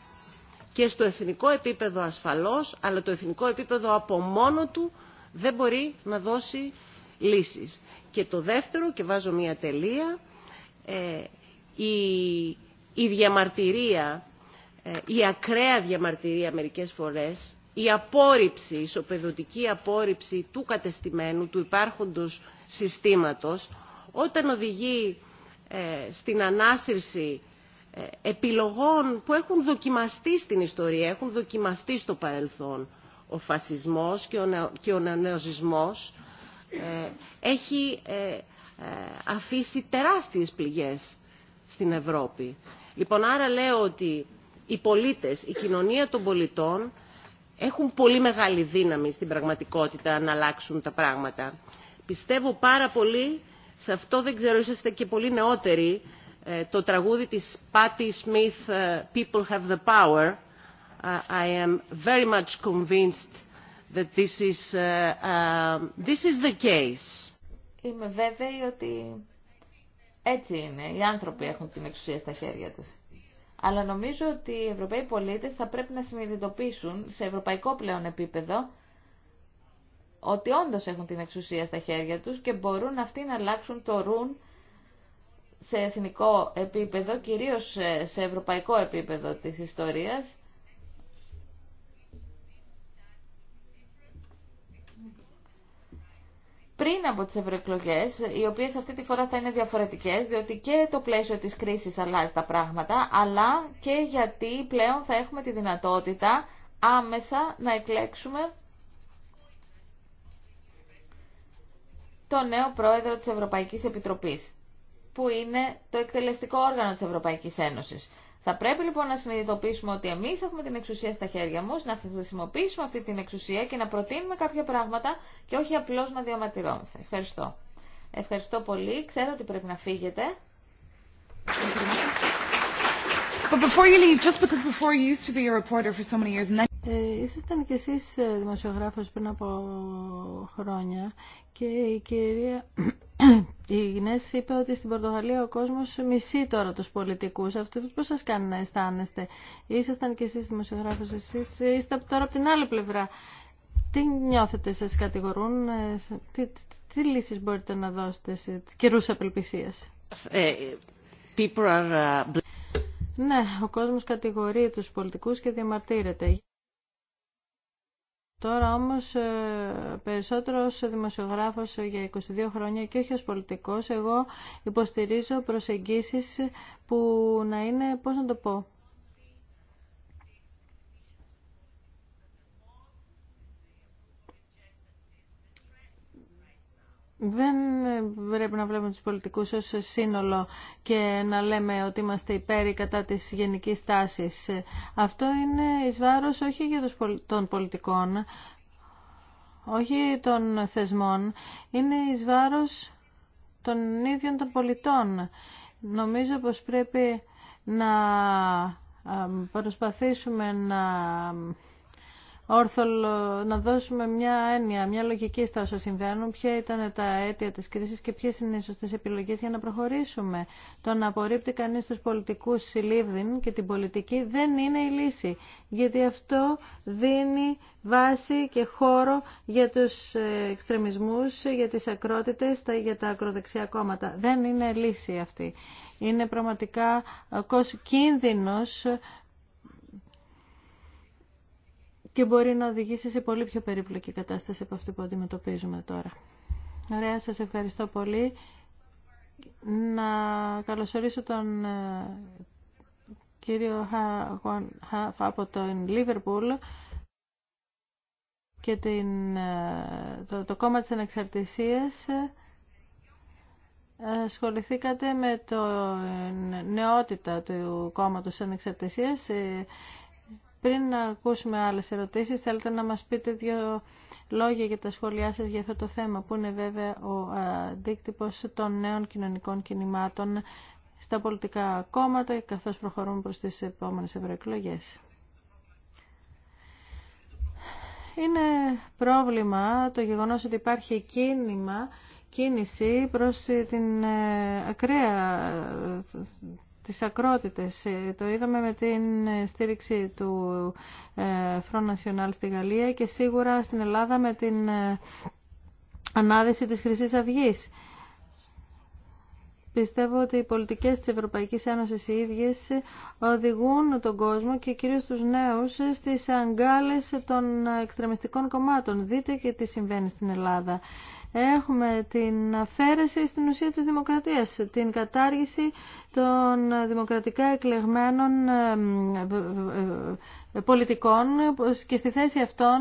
B: Και στο εθνικό επίπεδο ασφαλώς, αλλά το εθνικό επίπεδο από μόνο του δεν μπορεί να δώσει λύσεις. Και το δεύτερο, και βάζω μία τελεία, ε, η, η διαμαρτυρία, ε, η ακραία διαμαρτυρία μερικές φορές, η απόρριψη, η ισοπεδωτική απόρριψη του κατεστημένου, του υπάρχοντος συστήματος, όταν οδηγεί ε, στην ανάσυρση επιλογών που έχουν δοκιμαστεί στην ιστορία, έχουν δοκιμαστεί στο παρελθόν. Ο φασισμός και ο νεοζισμός ε, έχει ε, ε, αφήσει τεράστιες πληγές στην Ευρώπη. Λοιπόν, άρα λέω ότι οι πολίτες, η κοινωνία των πολιτών έχουν πολύ μεγάλη δύναμη στην πραγματικότητα να αλλάξουν τα πράγματα. Πιστεύω πάρα πολύ, σε αυτό δεν ξέρω, είσαστε και πολύ νεότεροι, το τραγούδι της Patti Smith «People have the power». I am very much convinced Uh, um,
A: Είμαι βέβαιη ότι έτσι είναι. Οι άνθρωποι έχουν την εξουσία στα χέρια τους. Αλλά νομίζω ότι οι Ευρωπαίοι πολίτες θα πρέπει να συνειδητοποιήσουν σε ευρωπαϊκό πλέον επίπεδο ότι όντως έχουν την εξουσία στα χέρια τους και μπορούν αυτοί να αλλάξουν το ρουν σε εθνικό επίπεδο, κυρίως σε ευρωπαϊκό επίπεδο της ιστορίας πριν από τις ευρωεκλογέ, οι οποίες αυτή τη φορά θα είναι διαφορετικές, διότι και το πλαίσιο της κρίσης αλλάζει τα πράγματα, αλλά και γιατί πλέον θα έχουμε τη δυνατότητα άμεσα να εκλέξουμε το νέο πρόεδρο της Ευρωπαϊκής Επιτροπής που είναι το εκτελεστικό όργανο της Ευρωπαϊκής Ένωσης. Θα πρέπει λοιπόν να συνειδητοποιήσουμε ότι εμείς έχουμε την εξουσία στα χέρια μας, να χρησιμοποιήσουμε αυτή την εξουσία και να προτείνουμε κάποια πράγματα και όχι απλώς να διαμαρτυρόμαστε. Ευχαριστώ. Ευχαριστώ πολύ. Ξέρω ότι πρέπει να φύγετε.
C: But before you ήσασταν κι εσείς ε, δημοσιογράφος πριν από χρόνια και η κυρία η είπε ότι στην Πορτογαλία ο κόσμος μισεί τώρα τους πολιτικούς. Αυτό πώς σας κάνει να αισθάνεστε. Ήσασταν και εσείς δημοσιογράφος εσείς, είστε τώρα από την άλλη πλευρά. Τι νιώθετε, σας κατηγορούν, ε, τι, τι, τι λύσεις μπορείτε να δώσετε σε καιρού απελπισίας.
B: Ε, people ναι,
C: ο κόσμος κατηγορεί τους πολιτικούς και διαμαρτύρεται. Τώρα όμως ε, περισσότερο ως δημοσιογράφος για 22 χρόνια και όχι ως πολιτικός, εγώ υποστηρίζω προσεγγίσεις που να είναι, πώς να το πω, δεν πρέπει να βλέπουμε τους πολιτικούς ως σύνολο και να λέμε ότι είμαστε υπέρ κατά της γενικής τάσης. Αυτό είναι εις βάρος όχι για τους των πολιτικών, όχι των θεσμών, είναι εις βάρος των ίδιων των πολιτών. Νομίζω πως πρέπει να προσπαθήσουμε να όρθολο, να δώσουμε μια έννοια, μια λογική στα όσα συμβαίνουν, ποια ήταν τα αίτια της κρίσης και ποιες είναι οι σωστές επιλογές για να προχωρήσουμε. Το να απορρίπτει κανείς τους πολιτικούς συλλήβδιν και την πολιτική δεν είναι η λύση, γιατί αυτό δίνει βάση και χώρο για τους ε, εξτρεμισμούς, για τις ακρότητες, για τα ακροδεξιά κόμματα. Δεν είναι λύση αυτή. Είναι πραγματικά κίνδυνος και μπορεί να οδηγήσει σε πολύ πιο περίπλοκη κατάσταση από αυτή που αντιμετωπίζουμε τώρα. Ωραία, σας ευχαριστώ πολύ. Να καλωσορίσω τον ε, κύριο Χαφ από το Λίβερπουλ και την, ε, το, κόμμα της ανεξαρτησίας ασχοληθήκατε με το ε, νεότητα του κόμματος ανεξαρτησίας πριν να ακούσουμε άλλες ερωτήσεις, θέλετε να μας πείτε δύο λόγια για τα σχόλιά σας για αυτό το θέμα, που είναι βέβαια ο αντίκτυπος των νέων κοινωνικών κινημάτων στα πολιτικά κόμματα, καθώς προχωρούμε προς τις επόμενες ευρωεκλογέ. Είναι πρόβλημα το γεγονός ότι υπάρχει κίνημα, κίνηση προς την ε, ακραία τις ακρότητες. Ε, το είδαμε με την ε, στήριξη του ε, Front National στη Γαλλία και σίγουρα στην Ελλάδα με την ανάδεση της χρυσή αυγή. Πιστεύω ότι οι πολιτικές της Ευρωπαϊκής Ένωσης οι ίδιες οδηγούν τον κόσμο και κυρίως τους νέους στις αγκάλες των εξτρεμιστικών κομμάτων. Δείτε και τι συμβαίνει στην Ελλάδα. Έχουμε την αφαίρεση στην ουσία της δημοκρατίας, την κατάργηση των δημοκρατικά εκλεγμένων ε, ε, ε, πολιτικών και στη θέση αυτών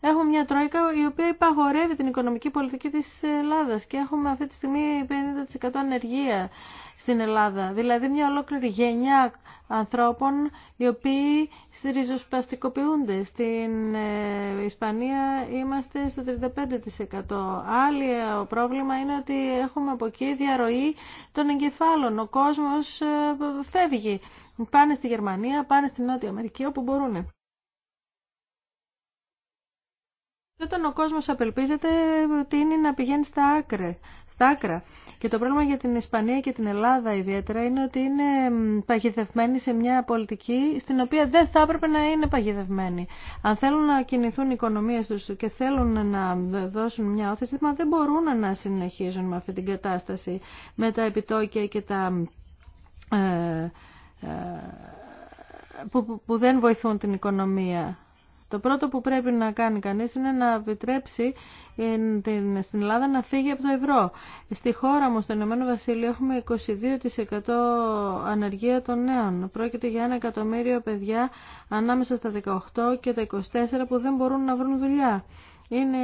C: έχουμε μια τρόικα η οποία υπαγορεύει την οικονομική πολιτική της Ελλάδας και έχουμε αυτή τη στιγμή 50% ανεργία στην Ελλάδα. Δηλαδή μια ολόκληρη γενιά ανθρώπων οι οποίοι ριζοσπαστικοποιούνται. Στην ε, Ισπανία είμαστε στο 35%. Άλλο ε, πρόβλημα είναι ότι έχουμε από εκεί διαρροή των εγκεφάλων. Ο κόσμος ε, φεύγει πάνε στη Γερμανία, πάνε στη Νότια Αμερική όπου μπορούν. Όταν ο κόσμος απελπίζεται, προτείνει να πηγαίνει στα άκρα. Στα άκρα. Και το πρόβλημα για την Ισπανία και την Ελλάδα ιδιαίτερα είναι ότι είναι παγιδευμένοι σε μια πολιτική στην οποία δεν θα έπρεπε να είναι παγιδευμένοι. Αν θέλουν να κινηθούν οι οικονομίες τους και θέλουν να δώσουν μια όθεση, μα δεν μπορούν να συνεχίζουν με αυτή την κατάσταση με τα επιτόκια και τα... Ε, που, που δεν βοηθούν την οικονομία. Το πρώτο που πρέπει να κάνει κανείς είναι να επιτρέψει στην Ελλάδα να φύγει από το ευρώ. Στη χώρα μου, στο Ηνωμένο Βασίλειο, έχουμε 22% ανεργία των νέων. Πρόκειται για ένα εκατομμύριο παιδιά ανάμεσα στα 18 και τα 24 που δεν μπορούν να βρουν δουλειά είναι,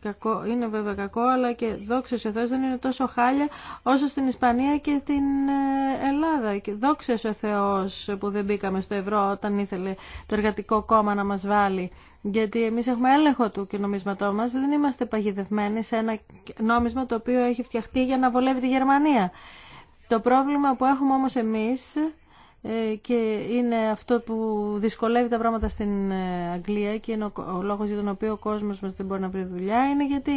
C: κακό, είναι βέβαια κακό, αλλά και δόξα σε Θεό δεν είναι τόσο χάλια όσο στην Ισπανία και στην ε, Ελλάδα. Και δόξα σε Θεός που δεν μπήκαμε στο ευρώ όταν ήθελε το εργατικό κόμμα να μας βάλει. Γιατί εμείς έχουμε έλεγχο του και νομίσματό μας, δεν είμαστε παγιδευμένοι σε ένα νόμισμα το οποίο έχει φτιαχτεί για να βολεύει τη Γερμανία. Το πρόβλημα που έχουμε όμως εμείς ε, και είναι αυτό που δυσκολεύει τα πράγματα στην ε, Αγγλία και είναι ο λόγος για τον οποίο ο κόσμος μας δεν μπορεί να βρει δουλειά είναι γιατί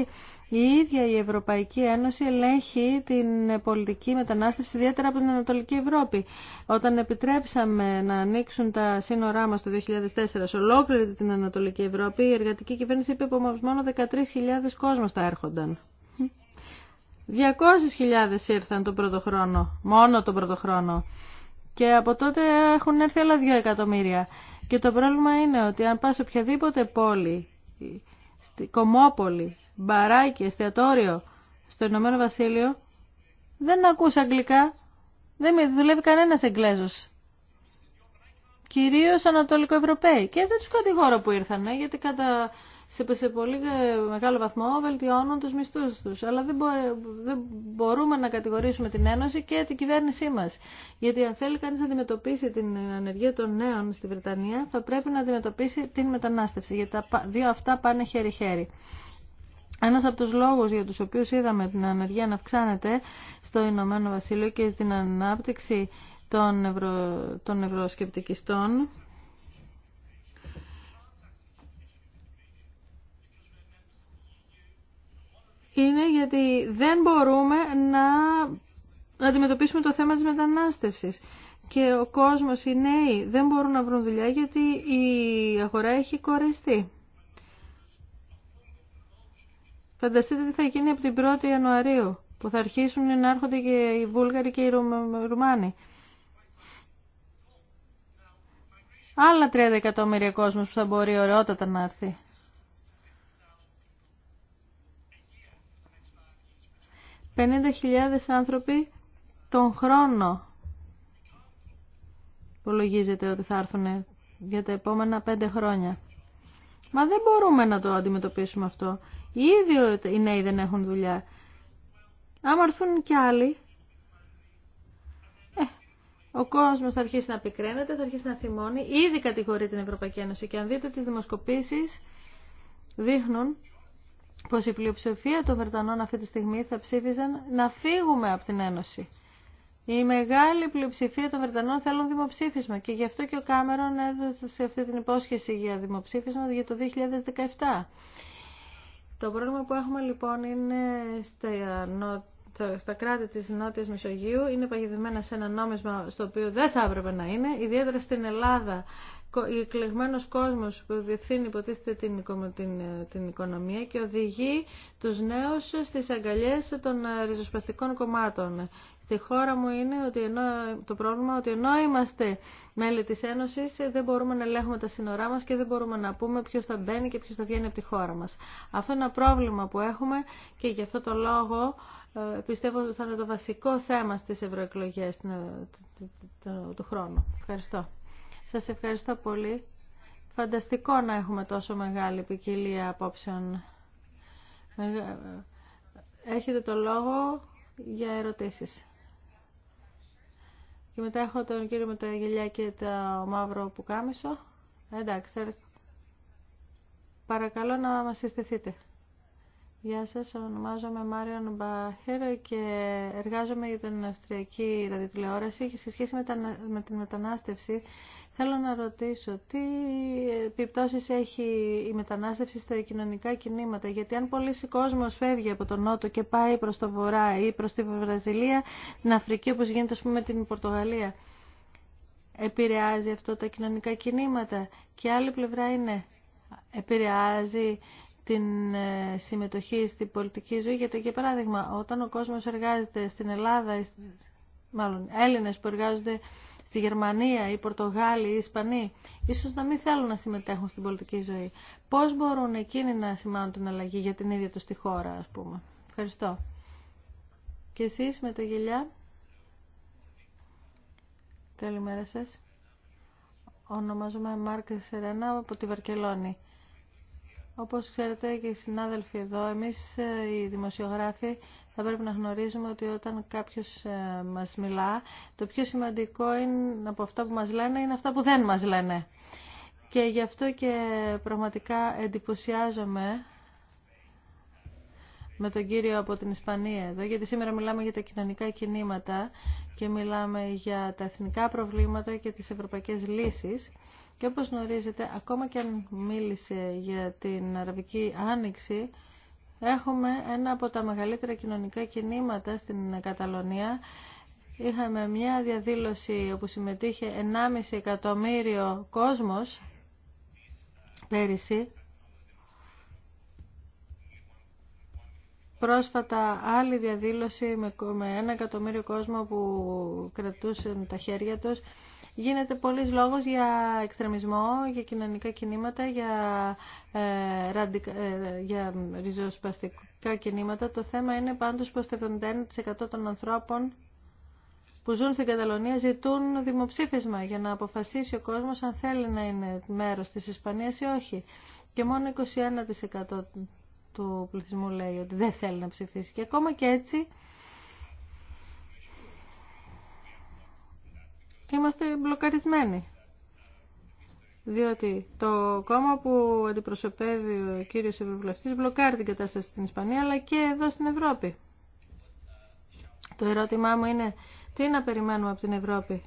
C: η ίδια η Ευρωπαϊκή Ένωση ελέγχει την ε, πολιτική μετανάστευση ιδιαίτερα από την Ανατολική Ευρώπη. Όταν επιτρέψαμε να ανοίξουν τα σύνορά μας το 2004 σε ολόκληρη την Ανατολική Ευρώπη η εργατική κυβέρνηση είπε πως μόνο 13.000 κόσμος θα έρχονταν. 200.000 ήρθαν τον πρώτο χρόνο, μόνο τον πρώτο χρόνο. Και από τότε έχουν έρθει άλλα δύο εκατομμύρια. Και το πρόβλημα είναι ότι αν πας οποιαδήποτε πόλη, στη Κομόπολη, μπαράκι, εστιατόριο, στο Ηνωμένο Βασίλειο, δεν ακούς αγγλικά, δεν δουλεύει κανένας εγγλέζος. Κυρίως Ανατολικοευρωπαίοι. Και δεν τους κατηγορώ που ήρθαν, ε, γιατί κατά σε πολύ μεγάλο βαθμό βελτιώνουν τους μισθούς τους. Αλλά δεν μπορούμε να κατηγορήσουμε την Ένωση και την κυβέρνησή μας. Γιατί αν θέλει κανείς να αντιμετωπίσει την ανεργία των νέων στη Βρετανία, θα πρέπει να αντιμετωπίσει την μετανάστευση. Γιατί τα δύο αυτά πάνε χέρι-χέρι. Ένας από τους λόγους για τους οποίους είδαμε την ανεργία να αυξάνεται στο Ηνωμένο Βασίλειο και στην ανάπτυξη των, ευρω... των ευρωσκεπτικιστών είναι γιατί δεν μπορούμε να, να αντιμετωπίσουμε το θέμα της μετανάστευσης. Και ο κόσμος, οι νέοι δεν μπορούν να βρουν δουλειά γιατί η αγορά έχει κορεστεί. Φανταστείτε τι θα γίνει από την 1η Ιανουαρίου που θα αρχίσουν να έρχονται και οι Βούλγαροι και οι Ρουμάνοι. Άλλα 30 εκατομμύρια κόσμος που θα μπορεί ωραιότατα να έρθει. 50.000 άνθρωποι τον χρόνο υπολογίζεται ότι θα έρθουν για τα επόμενα πέντε χρόνια. Μα δεν μπορούμε να το αντιμετωπίσουμε αυτό. Ήδη οι νέοι δεν έχουν δουλειά. Άμα έρθουν κι άλλοι, ε, ο κόσμος θα αρχίσει να πικραίνεται, θα αρχίσει να θυμώνει. Ήδη κατηγορεί την Ευρωπαϊκή Ένωση. Και αν δείτε τις δημοσκοπήσεις, δείχνουν πως η πλειοψηφία των Βρετανών αυτή τη στιγμή θα ψήφιζαν να φύγουμε από την Ένωση. Η μεγάλη πλειοψηφία των Βρετανών θέλουν δημοψήφισμα και γι' αυτό και ο Κάμερον έδωσε αυτή την υπόσχεση για δημοψήφισμα για το 2017. Το πρόβλημα που έχουμε λοιπόν είναι στα, στα κράτη της Νότιας Μεσογείου, είναι παγιδευμένα σε ένα νόμισμα στο οποίο δεν θα έπρεπε να είναι, ιδιαίτερα στην Ελλάδα εκλεγμένος κόσμος που διευθύνει υποτίθεται την, την, ε, την οικονομία και οδηγεί τους νέους στις αγκαλιές των ε, ριζοσπαστικών κομμάτων. Στη χώρα μου είναι ότι ενώ, το πρόβλημα ότι ενώ είμαστε μέλη της Ένωσης ε, δεν μπορούμε να ελέγχουμε τα σύνορά μας και δεν μπορούμε να πούμε ποιος θα μπαίνει και ποιος θα βγαίνει από τη χώρα μας. Αυτό είναι ένα πρόβλημα που έχουμε και γι' αυτό το λόγο πιστεύω ότι θα είναι το βασικό θέμα στις ευρωεκλογές του χρόνου. Ευχαριστώ. Σας ευχαριστώ πολύ. Φανταστικό να έχουμε τόσο μεγάλη ποικιλία απόψεων. Έχετε το λόγο για ερωτήσεις. Και μετά έχω τον κύριο με τα γελιά και το μαύρο που κάμισο. Εντάξει, παρακαλώ να μας συστηθείτε. Γεια σας, ονομάζομαι Μάριον Μπάχερ και εργάζομαι για την Αυστριακή Ραδιοτηλεόραση και σε σχέση με, με την μετανάστευση θέλω να ρωτήσω τι επιπτώσεις έχει η μετανάστευση στα κοινωνικά κινήματα γιατί αν πολλοί κόσμος φεύγει από τον Νότο και πάει προς το Βορρά ή προς τη Βραζιλία, την Αφρική όπως γίνεται πούμε με την Πορτογαλία επηρεάζει αυτό τα κοινωνικά κινήματα και άλλη πλευρά είναι επηρεάζει την ε, συμμετοχή στην πολιτική ζωή. Γιατί, για παράδειγμα, όταν ο κόσμος εργάζεται στην Ελλάδα, μάλλον Έλληνες που εργάζονται στη Γερμανία, ή Πορτογάλοι, ή Ισπανοί, ίσως να μην θέλουν να συμμετέχουν στην πολιτική ζωή. Πώς μπορούν εκείνοι να σημάνουν την αλλαγή για την ίδια τους τη χώρα, ας πούμε. Ευχαριστώ. Και εσείς με τα γελιά. Καλημέρα σας. Ονομάζομαι Μάρκα Σερένα από τη Βαρκελόνη. Όπως ξέρετε και οι συνάδελφοι εδώ, εμείς ε, οι δημοσιογράφοι θα πρέπει να γνωρίζουμε ότι όταν κάποιος ε, μας μιλά, το πιο σημαντικό είναι, από αυτά που μας λένε είναι αυτά που δεν μας λένε. Και γι' αυτό και πραγματικά εντυπωσιάζομαι με τον κύριο από την Ισπανία εδώ, γιατί σήμερα μιλάμε για τα κοινωνικά κινήματα και μιλάμε για τα εθνικά προβλήματα και τις ευρωπαϊκές λύσεις. Και όπως γνωρίζετε, ακόμα και αν μίλησε για την Αραβική Άνοιξη, έχουμε ένα από τα μεγαλύτερα κοινωνικά κινήματα στην Καταλωνία. Είχαμε μια διαδήλωση όπου συμμετείχε 1,5 εκατομμύριο κόσμος πέρυσι. Πρόσφατα άλλη διαδήλωση με ένα εκατομμύριο κόσμο που κρατούσαν τα χέρια τους. Γίνεται πολλής λόγος για εξτρεμισμό, για κοινωνικά κινήματα, για, ε, ραντικα, ε, για ριζοσπαστικά κινήματα. Το θέμα είναι πάντως πως το 71% των ανθρώπων που ζουν στην Καταλωνία ζητούν δημοψήφισμα για να αποφασίσει ο κόσμος αν θέλει να είναι μέρος της Ισπανίας ή όχι. Και μόνο 21% του πληθυσμού λέει ότι δεν θέλει να ψηφίσει. Και ακόμα και έτσι είμαστε μπλοκαρισμένοι. Διότι το κόμμα που αντιπροσωπεύει ο κύριος Ευρωβουλευτής μπλοκάρει την κατάσταση στην Ισπανία αλλά και εδώ στην Ευρώπη. Το ερώτημά μου είναι τι να περιμένουμε από την Ευρώπη.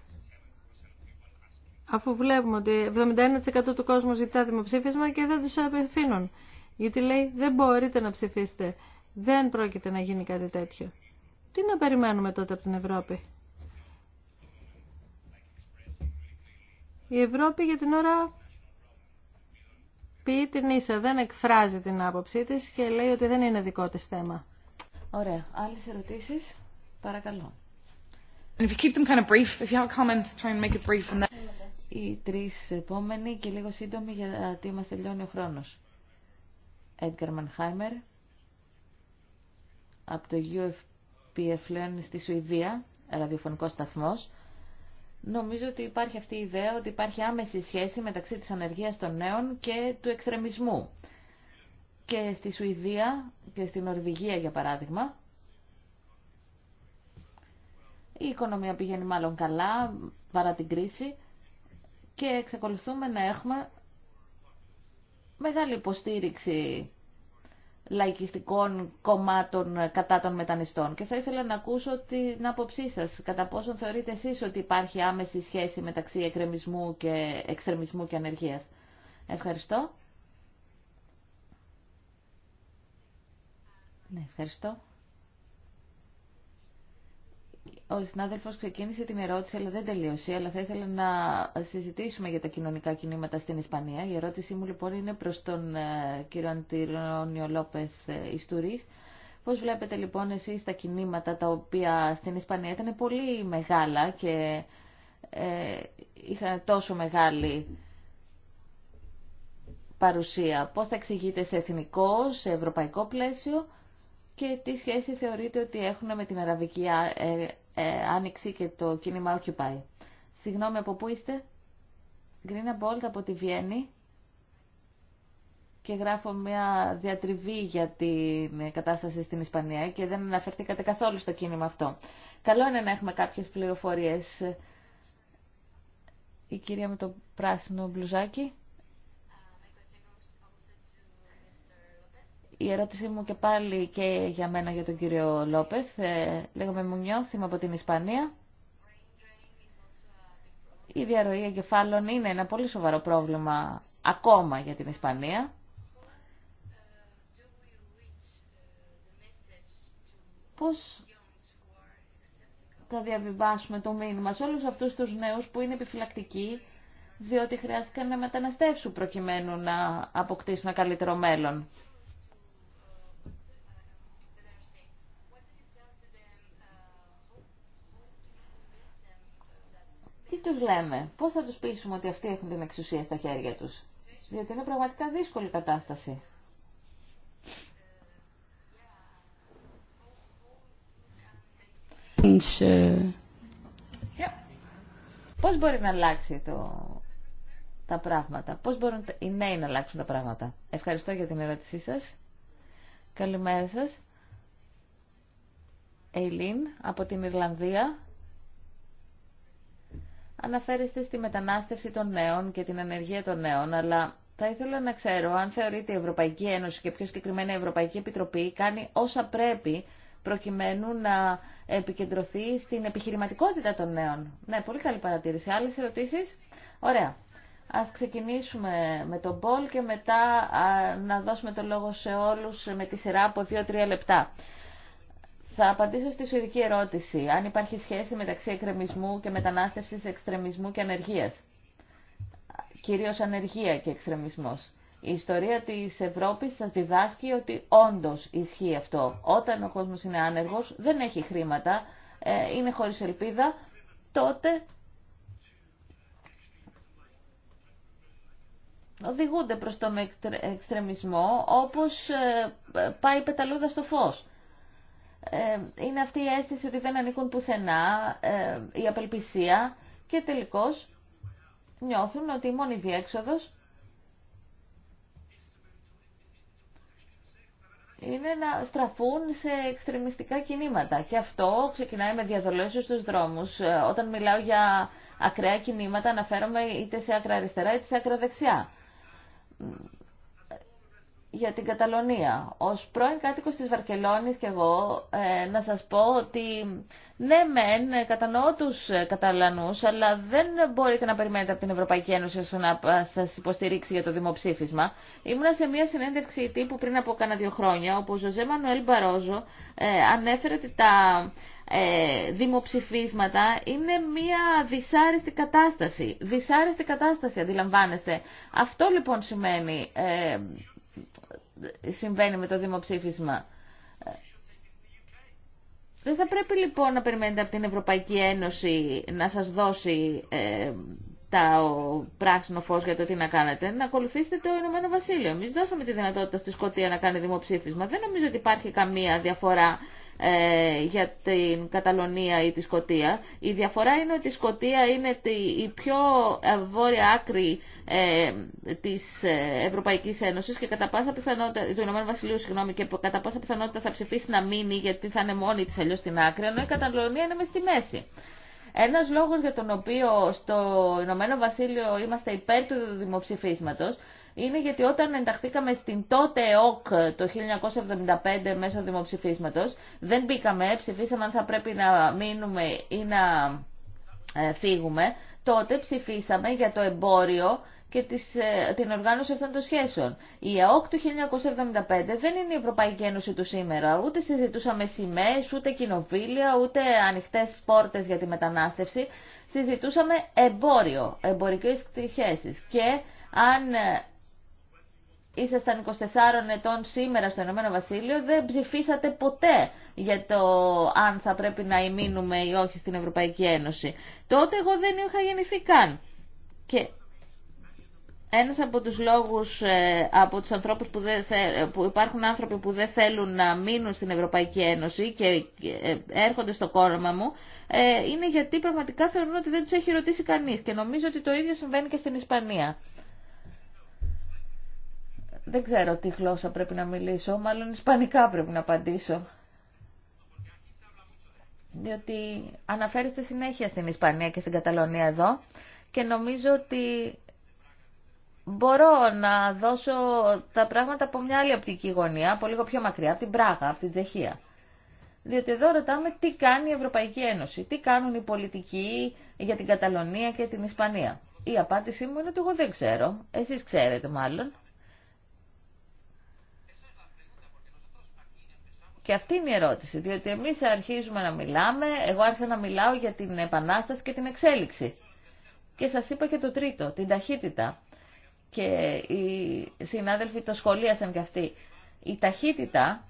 C: Αφού βλέπουμε ότι 71% του κόσμου ζητά δημοψήφισμα και δεν τους απευθύνουν. Γιατί λέει δεν μπορείτε να ψηφίσετε. Δεν πρόκειται να γίνει κάτι τέτοιο. Τι να περιμένουμε τότε από την Ευρώπη. Η Ευρώπη για την ώρα πει την ίσα, δεν εκφράζει την άποψή της και λέει ότι δεν είναι δικό της θέμα.
A: Ωραία. Άλλες ερωτήσεις. Παρακαλώ. Οι τρεις επόμενοι και λίγο σύντομοι γιατί μας τελειώνει ο χρόνος. Edgar Mannheimer από το UFPF Learn στη Σουηδία, ραδιοφωνικό σταθμός. Νομίζω ότι υπάρχει αυτή η ιδέα ότι υπάρχει άμεση σχέση μεταξύ της ανεργίας των νέων και του εκθρεμισμού. Και στη Σουηδία και στην Νορβηγία, για παράδειγμα, η οικονομία πηγαίνει μάλλον καλά παρά την κρίση και εξακολουθούμε να έχουμε μεγάλη υποστήριξη λαϊκιστικών κομμάτων κατά των μετανιστών. Και θα ήθελα να ακούσω την άποψή σα. κατά πόσον θεωρείτε εσεί ότι υπάρχει άμεση σχέση μεταξύ εκκρεμισμού και εξτρεμισμού και ανεργία. Ευχαριστώ. Ναι, ευχαριστώ ο συνάδελφος ξεκίνησε την ερώτηση, αλλά δεν τελείωσε, αλλά θα ήθελα να συζητήσουμε για τα κοινωνικά κινήματα στην Ισπανία. Η ερώτησή μου λοιπόν είναι προς τον ε, κύριο Αντιρόνιο Λόπεθ ε, Ιστουρίθ. Πώς βλέπετε λοιπόν εσείς τα κινήματα τα οποία στην Ισπανία ήταν πολύ μεγάλα και ε, είχαν τόσο μεγάλη παρουσία. Πώς θα εξηγείτε σε εθνικό, σε ευρωπαϊκό πλαίσιο και τι σχέση θεωρείτε ότι έχουν με την Αραβική ε, ε, άνοιξη και το κίνημα Occupy. Συγγνώμη, από πού είστε? Γκρίνα Μπόλτ από τη Βιέννη και γράφω μια διατριβή για την κατάσταση στην Ισπανία και δεν αναφερθήκατε καθόλου στο κίνημα αυτό. Καλό είναι να έχουμε κάποιες πληροφορίες. Η κυρία με το πράσινο μπλουζάκι. η ερώτησή μου και πάλι και για μένα για τον κύριο Λόπεθ. Ε, λέγομαι Μουνιώθ, είμαι από την Ισπανία. Η διαρροή εγκεφάλων είναι ένα πολύ σοβαρό πρόβλημα ακόμα για την Ισπανία. Πώς θα διαβιβάσουμε το μήνυμα σε όλους αυτούς τους νέους που είναι επιφυλακτικοί διότι χρειάστηκαν να μεταναστεύσουν προκειμένου να αποκτήσουν ένα καλύτερο μέλλον. τους λέμε, πώς θα τους πείσουμε ότι αυτοί έχουν την εξουσία στα χέρια τους. Διότι είναι πραγματικά δύσκολη κατάσταση. Ε, πώς μπορεί να αλλάξει το... τα πράγματα, πώς μπορούν οι νέοι να αλλάξουν τα πράγματα. Ευχαριστώ για την ερώτησή σας. Καλημέρα σας. Ειλίν από την Ιρλανδία. Αναφέρεστε στη μετανάστευση των νέων και την ανεργία των νέων, αλλά θα ήθελα να ξέρω αν θεωρείται η Ευρωπαϊκή Ένωση και πιο συγκεκριμένα η Ευρωπαϊκή Επιτροπή κάνει όσα πρέπει προκειμένου να επικεντρωθεί στην επιχειρηματικότητα των νέων. Ναι, πολύ καλή παρατήρηση. Άλλες ερωτήσεις? Ωραία. Ας ξεκινήσουμε με τον Πολ και μετά να δώσουμε το λόγο σε όλους με τη σειρά από 2-3 λεπτά. Θα απαντήσω στη σουηδική ερώτηση, αν υπάρχει σχέση μεταξύ εκκρεμισμού και μετανάστευσης εξτρεμισμού και ανεργίας. Κυρίως ανεργία και εξτρεμισμός. Η ιστορία της Ευρώπης σας διδάσκει ότι όντως ισχύει αυτό. Όταν ο κόσμος είναι άνεργος, δεν έχει χρήματα, ε, είναι χωρίς ελπίδα, τότε οδηγούνται προς τον εξτρεμισμό όπως ε, ε, πάει η πεταλούδα στο φως. Ε, είναι αυτή η αίσθηση ότι δεν ανήκουν πουθενά, ε, η απελπισία και τελικώς νιώθουν ότι η μόνη διέξοδος είναι να στραφούν σε εξτρεμιστικά κινήματα. Και αυτό ξεκινάει με διαδολώσεις στους δρόμους. Ε, όταν μιλάω για ακραία κινήματα αναφέρομαι είτε σε ακραριστερά είτε σε ακραδεξιά για την Καταλωνία. Ως πρώην κάτοικος της Βαρκελόνης και εγώ ε, να σας πω ότι ναι μεν ε, κατανοώ τους ε, Καταλανούς αλλά δεν μπορείτε να περιμένετε από την Ευρωπαϊκή Ένωση να σας υποστηρίξει για το δημοψήφισμα. Ήμουνα σε μια συνέντευξη τύπου πριν από κάνα δύο χρόνια όπου ο Ζωζέ Μανουέλ Μπαρόζο ανέφερε ότι τα ε, δημοψηφίσματα είναι μια δυσάρεστη κατάσταση. Δυσάρεστη κατάσταση αντιλαμβάνεστε. Αυτό λοιπόν σημαίνει συμβαίνει με το δημοψήφισμα. Δεν θα πρέπει λοιπόν να περιμένετε από την Ευρωπαϊκή Ένωση να σας δώσει ε, τα ο, πράσινο φως για το τι να κάνετε, να ακολουθήσετε το Ηνωμένο Βασίλειο. Εμείς δώσαμε τη δυνατότητα στη Σκωτία να κάνει δημοψήφισμα. Δεν νομίζω ότι υπάρχει καμία διαφορά ε, για την Καταλωνία ή τη Σκωτία. Η διαφορά είναι ότι η Σκωτία είναι η πιο ε, βόρεια άκρη ε, της ε, Ευρωπαϊκής Ένωσης και κατά πάσα πιθανότητα, του Ηνωμένου Βασιλείου συγγνώμη, και κατά πάσα πιθανότητα θα ψηφίσει να μείνει γιατί θα είναι μόνη της αλλιώς στην άκρη, ενώ η Καταλωνία είναι με στη μέση. Ένας λόγος για τον οποίο στο Ηνωμένο Βασίλειο είμαστε υπέρ του δημοψηφίσματος είναι γιατί όταν ενταχθήκαμε στην τότε ΕΟΚ το 1975 μέσω δημοψηφίσματος, δεν μπήκαμε, ψηφίσαμε αν θα πρέπει να μείνουμε ή να ε, φύγουμε, τότε ψηφίσαμε για το εμπόριο και ε, την οργάνωση αυτών των σχέσεων. Η ΑΟΚ του 1975 δεν είναι η Ευρωπαϊκή Ένωση του σήμερα. Ούτε συζητούσαμε σημαίες, ούτε κοινοβίλια, ούτε ανοιχτές πόρτες για τη μετανάστευση. Συζητούσαμε εμπόριο, εμπορικές σχέσει. Και αν ε, ήσασταν 24 ετών σήμερα στο Ηνωμένο Βασίλειο, δεν ψηφίσατε ποτέ για το αν θα πρέπει να ημείνουμε ή όχι στην Ευρωπαϊκή Ένωση. Τότε εγώ δεν είχα γεννηθεί καν. Και ένας από τους λόγους ε, από τους ανθρώπους που, δεν που υπάρχουν άνθρωποι που δεν θέλουν να μείνουν στην Ευρωπαϊκή Ένωση και ε, έρχονται στο κόρμα μου ε, είναι γιατί πραγματικά θεωρούν ότι δεν τους έχει ρωτήσει κανείς και νομίζω ότι το ίδιο συμβαίνει και στην Ισπανία. Δεν ξέρω τι γλώσσα πρέπει να μιλήσω, μάλλον Ισπανικά πρέπει να απαντήσω. Διότι αναφέρεστε συνέχεια στην Ισπανία και στην Καταλωνία εδώ και νομίζω ότι μπορώ να δώσω τα πράγματα από μια άλλη οπτική γωνία, από λίγο πιο μακριά, από την Πράγα, από την Τσεχία. Διότι εδώ ρωτάμε τι κάνει η Ευρωπαϊκή Ένωση, τι κάνουν οι πολιτικοί για την Καταλωνία και την Ισπανία. Η απάντησή μου είναι ότι εγώ δεν ξέρω. Εσείς ξέρετε μάλλον. Και αυτή είναι η ερώτηση, διότι εμείς αρχίζουμε να μιλάμε, εγώ άρχισα να μιλάω για την επανάσταση και την εξέλιξη. Και σας είπα και το τρίτο, την ταχύτητα και οι συνάδελφοι το σχολίασαν και αυτοί. Η ταχύτητα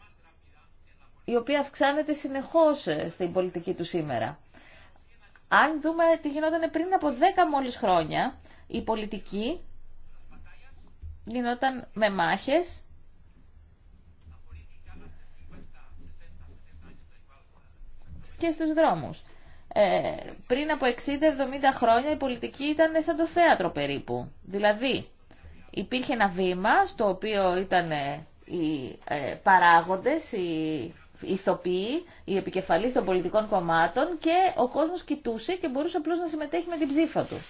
A: η οποία αυξάνεται συνεχώς ε, στην πολιτική του σήμερα. Αν δούμε τι γινόταν πριν από 10 μόλις χρόνια, η πολιτική γινόταν με μάχες και στους δρόμους. Ε, πριν από 60-70 χρόνια η πολιτική ήταν σαν το θέατρο περίπου. Δηλαδή, υπήρχε ένα βήμα στο οποίο ήταν ε, οι ε, παράγοντες, οι ηθοποιοί, οι επικεφαλής των πολιτικών κομμάτων και ο κόσμος κοιτούσε και μπορούσε απλώς να συμμετέχει με την ψήφα του.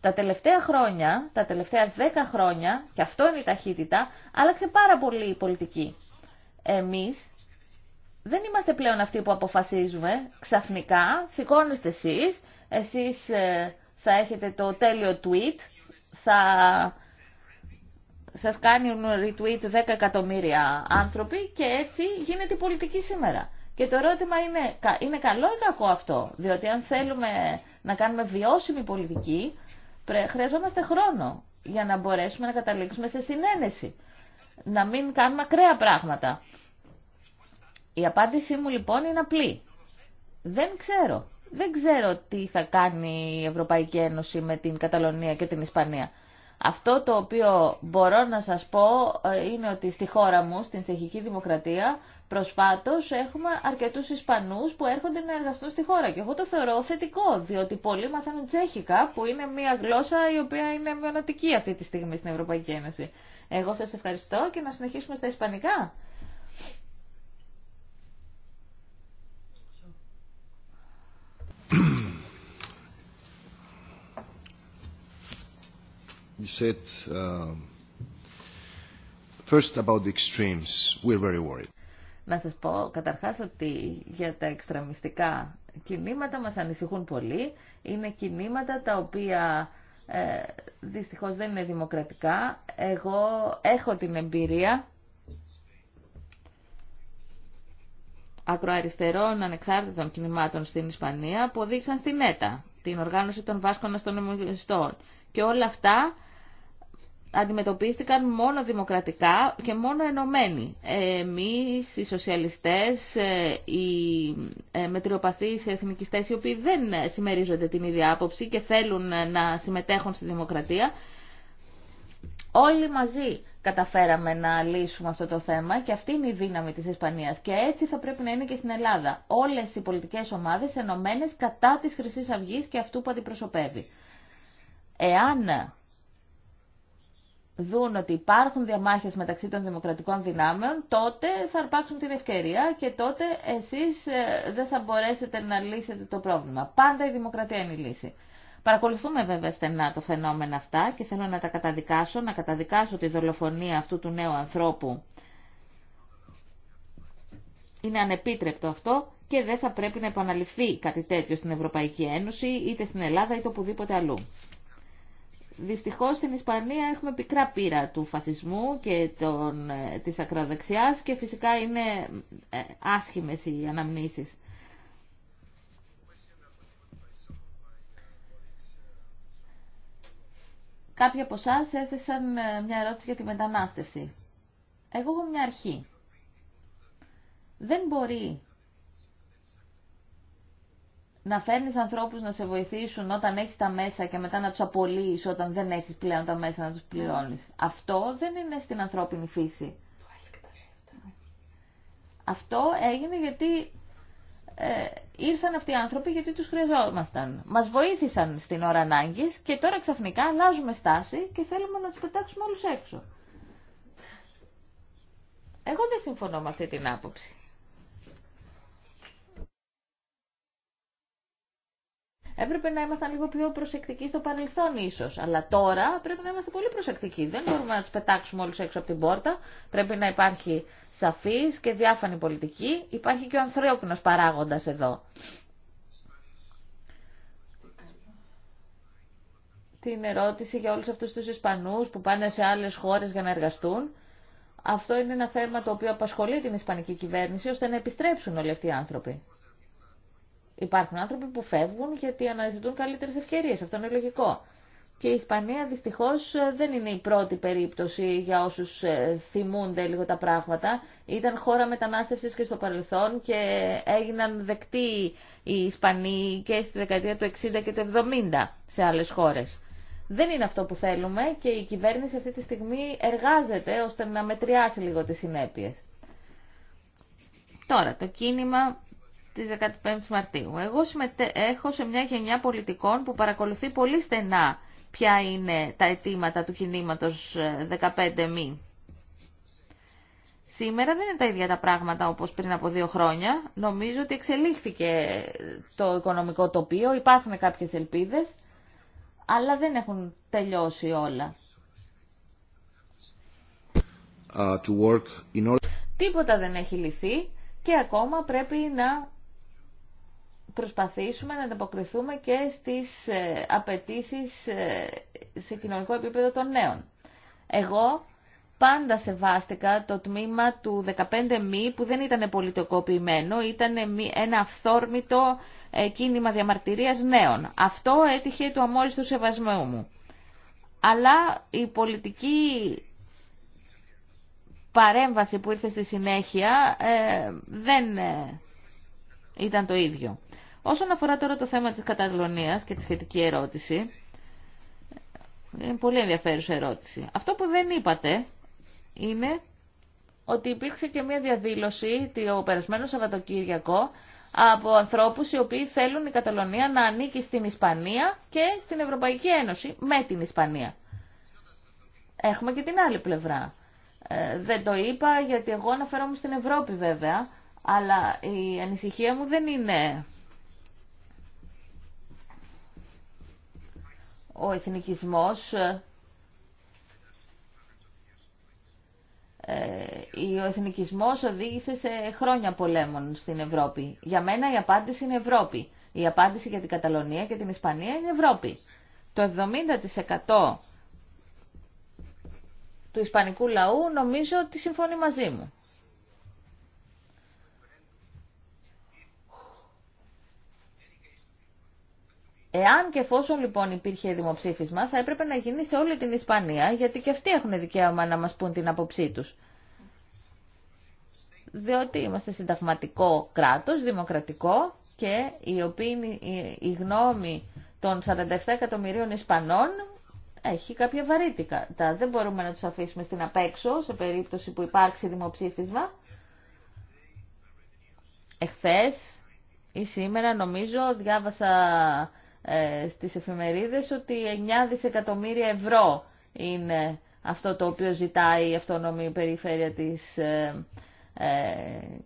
A: Τα τελευταία χρόνια, τα τελευταία δέκα χρόνια, και αυτό είναι η ταχύτητα, άλλαξε πάρα πολύ η πολιτική. Εμείς δεν είμαστε πλέον αυτοί που αποφασίζουμε. Ξαφνικά σηκώνεστε εσείς, εσείς ε, θα έχετε το τέλειο tweet, θα σας κάνουν retweet 10 εκατομμύρια άνθρωποι και έτσι γίνεται η πολιτική σήμερα. Και το ερώτημα είναι, είναι καλό ή κακό αυτό, διότι αν θέλουμε να κάνουμε βιώσιμη πολιτική, χρειαζόμαστε χρόνο για να μπορέσουμε να καταλήξουμε σε συνένεση, να μην κάνουμε ακραία πράγματα. Η απάντησή μου λοιπόν είναι απλή. Δεν ξέρω. Δεν ξέρω τι θα κάνει η Ευρωπαϊκή Ένωση με την Καταλωνία και την Ισπανία. Αυτό το οποίο μπορώ να σας πω ε, είναι ότι στη χώρα μου, στην Τσεχική Δημοκρατία, προσφάτως έχουμε αρκετούς Ισπανούς που έρχονται να εργαστούν στη χώρα και εγώ το θεωρώ θετικό, διότι πολλοί μαθαίνουν Τσέχικα που είναι μια γλώσσα η οποία είναι μειονοτική αυτή τη στιγμή στην Ευρωπαϊκή Ένωση. Εγώ σας ευχαριστώ και να συνεχίσουμε στα Ισπανικά.
B: You said um, first about the extremes. We're very worried.
A: Να σας πω καταρχάς ότι για τα εξτραμιστικά κινήματα μας ανησυχούν πολύ. Είναι κινήματα τα οποία ε, δυστυχώς δεν είναι δημοκρατικά. Εγώ έχω την εμπειρία ακροαριστερών ανεξάρτητων κινημάτων στην Ισπανία που οδήγησαν στην ΕΤΑ, την οργάνωση των Βάσκων Αστυνομιστών. Και όλα αυτά αντιμετωπίστηκαν μόνο δημοκρατικά και μόνο ενωμένοι. Εμείς, οι σοσιαλιστές, ε, οι ε, μετριοπαθείς οι εθνικιστές, οι οποίοι δεν συμμερίζονται την ίδια άποψη και θέλουν να συμμετέχουν στη δημοκρατία, όλοι μαζί καταφέραμε να λύσουμε αυτό το θέμα και αυτή είναι η δύναμη της Ισπανίας. Και έτσι θα πρέπει να είναι και στην Ελλάδα. Όλες οι πολιτικές ομάδες ενωμένες κατά της χρυσή αυγή και αυτού που αντιπροσωπεύει. Εάν δουν ότι υπάρχουν διαμάχες μεταξύ των δημοκρατικών δυνάμεων, τότε θα αρπάξουν την ευκαιρία και τότε εσείς ε, δεν θα μπορέσετε να λύσετε το πρόβλημα. Πάντα η δημοκρατία είναι η λύση. Παρακολουθούμε βέβαια στενά το φαινόμενο αυτά και θέλω να τα καταδικάσω, να καταδικάσω τη δολοφονία αυτού του νέου ανθρώπου. Είναι ανεπίτρεπτο αυτό και δεν θα πρέπει να επαναληφθεί κάτι τέτοιο στην Ευρωπαϊκή Ένωση, είτε στην Ελλάδα είτε οπουδήποτε αλλού. Δυστυχώς στην Ισπανία έχουμε πικρά πείρα του φασισμού και των, ε, της ακροδεξιάς και φυσικά είναι ε, άσχημες οι αναμνήσεις. Κάποιοι από εσά έθεσαν ε, μια ερώτηση για τη μετανάστευση. Εγώ έχω μια αρχή. Δεν μπορεί να φέρνεις ανθρώπους να σε βοηθήσουν όταν έχει τα μέσα και μετά να τους απολύει όταν δεν έχεις πλέον τα μέσα να τους πληρώνεις. Αυτό δεν είναι στην ανθρώπινη φύση. Αυτό έγινε γιατί ε, ήρθαν αυτοί οι άνθρωποι γιατί τους χρειαζόμασταν. Μας βοήθησαν στην ώρα ανάγκη και τώρα ξαφνικά αλλάζουμε στάση και θέλουμε να του πετάξουμε όλου έξω. Εγώ δεν συμφωνώ με αυτή την άποψη. Έπρεπε να ήμασταν λίγο πιο προσεκτικοί στο παρελθόν ίσω. αλλά τώρα πρέπει να είμαστε πολύ προσεκτικοί. Δεν μπορούμε να του πετάξουμε όλου έξω από την πόρτα. Πρέπει να υπάρχει σαφή και διάφανη πολιτική. Υπάρχει και ο ανθρώπινο παράγοντα εδώ. Την ερώτηση για όλους αυτούς τους Ισπανούς που πάνε σε άλλες χώρες για να εργαστούν. Αυτό είναι ένα θέμα το οποίο απασχολεί την Ισπανική κυβέρνηση ώστε να επιστρέψουν όλοι αυτοί οι άνθρωποι. Υπάρχουν άνθρωποι που φεύγουν γιατί αναζητούν καλύτερες ευκαιρίες. Αυτό είναι λογικό. Και η Ισπανία δυστυχώς δεν είναι η πρώτη περίπτωση για όσους ε, θυμούνται λίγο τα πράγματα. Ήταν χώρα μετανάστευση και στο παρελθόν και έγιναν δεκτοί οι Ισπανοί και στη δεκαετία του 60 και του 70 σε άλλες χώρες. Δεν είναι αυτό που θέλουμε και η κυβέρνηση αυτή τη στιγμή εργάζεται ώστε να μετριάσει λίγο τις συνέπειες. Τώρα, το κίνημα Τη 15 Μαρτίου. Εγώ συμμετέχω σε μια γενιά πολιτικών που παρακολουθεί πολύ στενά ποια είναι τα αιτήματα του κινήματος 15 ε, μη. Σήμερα δεν είναι τα ίδια τα πράγματα όπως πριν από δύο χρόνια. Νομίζω ότι εξελίχθηκε ε, το οικονομικό τοπίο, υπάρχουν κάποιες ελπίδες, αλλά δεν έχουν τελειώσει όλα. Uh, Τίποτα δεν έχει λυθεί και ακόμα πρέπει να προσπαθήσουμε να ανταποκριθούμε και στις ε, απαιτήσει ε, σε κοινωνικό επίπεδο των νέων. Εγώ πάντα σεβάστηκα το τμήμα του 15μη που δεν ήταν πολιτικοποιημένο, ήταν ένα αυθόρμητο ε, κίνημα διαμαρτυρίας νέων. Αυτό έτυχε του αμόριστου σεβασμού μου. Αλλά η πολιτική παρέμβαση που ήρθε στη συνέχεια δεν ήταν το ίδιο. Όσον αφορά τώρα το θέμα της Καταλωνίας και τη σχετική ερώτηση, είναι πολύ ενδιαφέρουσα ερώτηση. Αυτό που δεν είπατε είναι ότι υπήρξε και μια διαδήλωση το περασμένο Σαββατοκύριακο από ανθρώπους οι οποίοι θέλουν η Καταλωνία να ανήκει στην Ισπανία και στην Ευρωπαϊκή Ένωση με την Ισπανία. Έχουμε και την άλλη πλευρά. Ε, δεν το είπα γιατί εγώ αναφέρομαι στην Ευρώπη βέβαια, αλλά η ανησυχία μου δεν είναι ο εθνικισμός ε, ο εθνικισμός οδήγησε σε χρόνια πολέμων στην Ευρώπη. Για μένα η απάντηση είναι Ευρώπη. Η απάντηση για την Καταλωνία και την Ισπανία είναι Ευρώπη. Το 70% του ισπανικού λαού νομίζω ότι συμφωνεί μαζί μου. Εάν και εφόσον λοιπόν υπήρχε δημοψήφισμα, θα έπρεπε να γίνει σε όλη την Ισπανία, γιατί και αυτοί έχουν δικαίωμα να μας πούν την άποψή τους. Διότι είμαστε συνταγματικό κράτος, δημοκρατικό και η, οποία, η, γνώμη των 47 εκατομμυρίων Ισπανών έχει κάποια βαρύτητα. Δεν μπορούμε να τους αφήσουμε στην απέξω σε περίπτωση που υπάρξει δημοψήφισμα. Εχθές ή σήμερα νομίζω διάβασα ε, στις εφημερίδες ότι 9 δισεκατομμύρια ευρώ είναι αυτό το οποίο ζητάει η αυτόνομη περιφέρεια της ε, ε,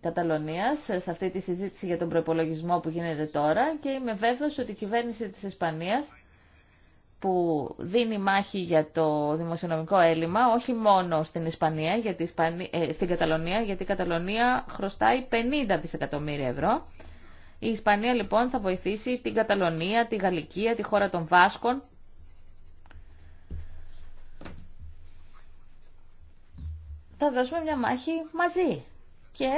A: Καταλωνίας σε αυτή τη συζήτηση για τον προπολογισμό που γίνεται τώρα και είμαι βέβαιος ότι η κυβέρνηση της Ισπανίας που δίνει μάχη για το δημοσιονομικό έλλειμμα όχι μόνο στην Ισπανία, γιατί στην Καταλωνία, γιατί η Καταλωνία χρωστάει 50 δισεκατομμύρια ευρώ η Ισπανία λοιπόν θα βοηθήσει την Καταλωνία, τη Γαλλικία, τη χώρα των Βάσκων θα δώσουμε μια μάχη μαζί. Και...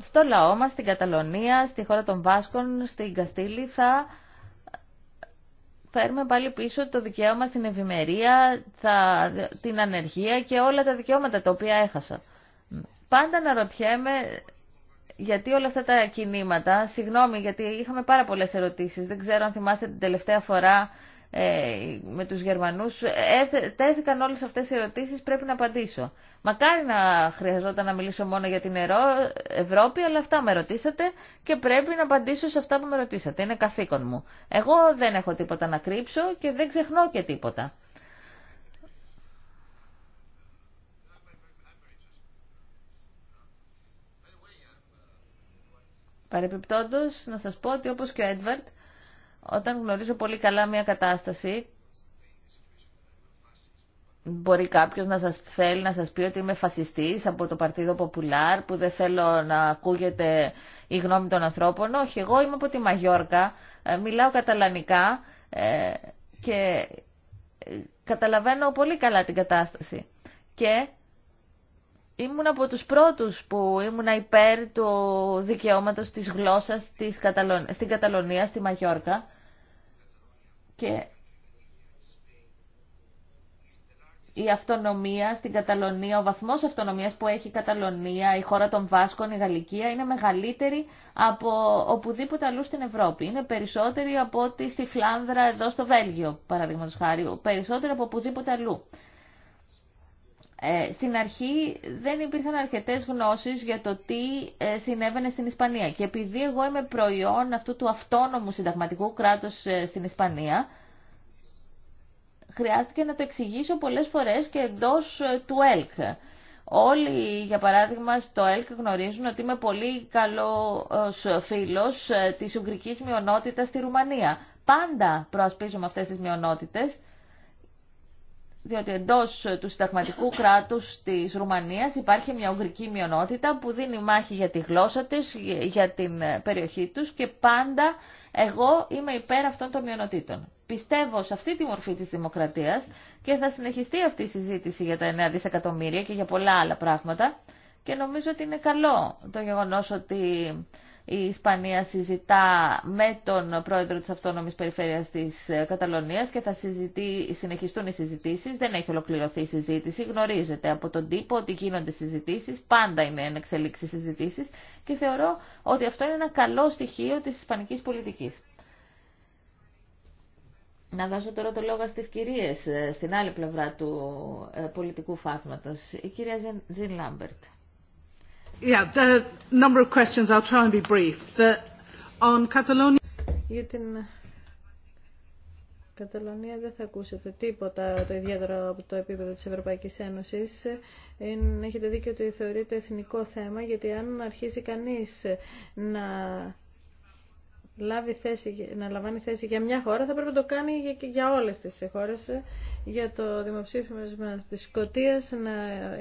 A: Στο λαό μας, στην Καταλωνία, στη χώρα των Βάσκων, στην Καστήλη θα φέρουμε πάλι πίσω το δικαίωμα στην ευημερία, την ανεργία και όλα τα δικαιώματα τα οποία έχασα. Πάντα ρωτιέμαι γιατί όλα αυτά τα κινήματα, συγγνώμη γιατί είχαμε πάρα πολλές ερωτήσεις, δεν ξέρω αν θυμάστε την τελευταία φορά ε, με τους Γερμανούς, ε, τέθηκαν όλες αυτές οι ερωτήσεις, πρέπει να απαντήσω. Μακάρι να χρειαζόταν να μιλήσω μόνο για την Ευρώπη, αλλά αυτά με ρωτήσατε και πρέπει να απαντήσω σε αυτά που με ρωτήσατε. Είναι καθήκον μου. Εγώ δεν έχω τίποτα να κρύψω και δεν ξεχνώ και τίποτα. Παρεπιπτόντως, να σας πω ότι όπως και ο Έντβαρτ, όταν γνωρίζω πολύ καλά μια κατάσταση, μπορεί κάποιος να σας θέλει να σας πει ότι είμαι φασιστής από το Παρτίδο Ποπουλάρ, που δεν θέλω να ακούγεται η γνώμη των ανθρώπων. Όχι, εγώ είμαι από τη Μαγιόρκα, ε, μιλάω καταλανικά ε, και ε, καταλαβαίνω πολύ καλά την κατάσταση. Και Ήμουν από τους πρώτους που ήμουν υπέρ του δικαιώματος της γλώσσας της Καταλων... στην Καταλωνία, στη Μαγιόρκα. Και η αυτονομία στην Καταλωνία, ο βαθμός αυτονομίας που έχει η Καταλωνία, η χώρα των Βάσκων, η Γαλλικία, είναι μεγαλύτερη από οπουδήποτε αλλού στην Ευρώπη. Είναι περισσότερη από ό,τι στη Φλάνδρα εδώ στο Βέλγιο, παραδείγματος χάρη, περισσότερη από οπουδήποτε αλλού. Ε, στην αρχή δεν υπήρχαν αρκετές γνώσεις για το τι ε, συνέβαινε στην Ισπανία. Και επειδή εγώ είμαι προϊόν αυτού του αυτόνομου συνταγματικού κράτους ε, στην Ισπανία, χρειάστηκε να το εξηγήσω πολλές φορές και εντός ε, του ΕΛΚ. Όλοι, για παράδειγμα, στο ΕΛΚ γνωρίζουν ότι είμαι πολύ καλός φίλος της Ουγγρικής μειονότητας στη Ρουμανία. Πάντα προασπίζουμε αυτές τις μειονότητες διότι εντός του συνταγματικού κράτους της Ρουμανίας υπάρχει μια ουγγρική μειονότητα που δίνει μάχη για τη γλώσσα της, για την περιοχή τους και πάντα εγώ είμαι υπέρ αυτών των μειονοτήτων. Πιστεύω σε αυτή τη μορφή της δημοκρατίας και θα συνεχιστεί αυτή η συζήτηση για τα 9 δισεκατομμύρια και για πολλά άλλα πράγματα και νομίζω ότι είναι καλό το γεγονός ότι η Ισπανία συζητά με τον πρόεδρο της Αυτόνομης Περιφέρειας της ε, Καταλωνίας και θα συζητεί, συνεχιστούν οι συζητήσεις. Δεν έχει ολοκληρωθεί η συζήτηση. Γνωρίζετε από τον τύπο ότι γίνονται συζητήσεις. Πάντα είναι εν εξελίξη συζητήσεις και θεωρώ ότι αυτό είναι ένα καλό στοιχείο της ισπανικής πολιτικής. Να δώσω τώρα το λόγο στις κυρίες, ε, στην άλλη πλευρά του ε, πολιτικού φάσματος. Η κυρία Ζιν Λάμπερτ.
B: Για την
C: Καταλωνία δεν θα ακούσετε τίποτα το ιδιαίτερο από το επίπεδο της Ευρωπαϊκής Ένωσης. έχετε δίκιο ότι θεωρείται εθνικό θέμα, γιατί αν αρχίσει κανείς να λάβει θέση, να λαμβάνει θέση για μια χώρα, θα πρέπει να το κάνει για, για όλες τις χώρες. Για το δημοψήφισμα της Σκοτίας να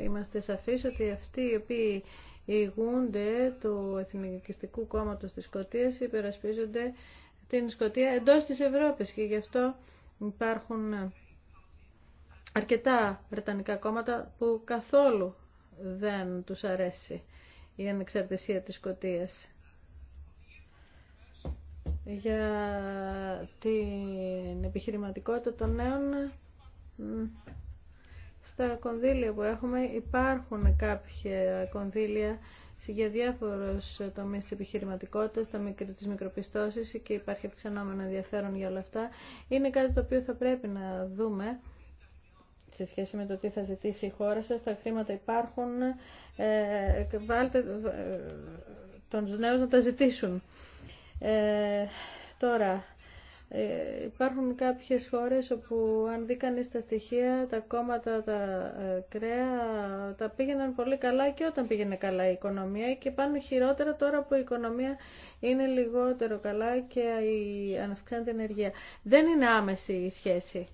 C: είμαστε σαφείς ότι αυτοί οι οποίοι γούντε του Εθνικιστικού Κόμματος της Σκοτίας, υπερασπίζονται την Σκοτία εντός της Ευρώπης και γι' αυτό υπάρχουν αρκετά βρετανικά κόμματα που καθόλου δεν τους αρέσει η ανεξαρτησία της Σκοτίας. Για την επιχειρηματικότητα των νέων στα κονδύλια που έχουμε υπάρχουν κάποια κονδύλια για διάφορου τομεί τη επιχειρηματικότητα, τις μικροπιστώσεις και υπάρχει αυξανόμενο ενδιαφέρον για όλα αυτά. Είναι κάτι το οποίο θα πρέπει να δούμε σε σχέση με το τι θα ζητήσει η χώρα σας. Τα χρήματα υπάρχουν. Ε, βάλτε ε, τον νέους να τα ζητήσουν. Ε, τώρα, ε, υπάρχουν κάποιες χώρες όπου αν δει κανείς τα στοιχεία, τα κόμματα, τα ε, κρέα, τα πήγαιναν πολύ καλά και όταν πήγαινε καλά η οικονομία και πάνε χειρότερα τώρα που η οικονομία είναι λιγότερο καλά και αυξάνεται η ενεργεία. Δεν είναι άμεση η σχέση.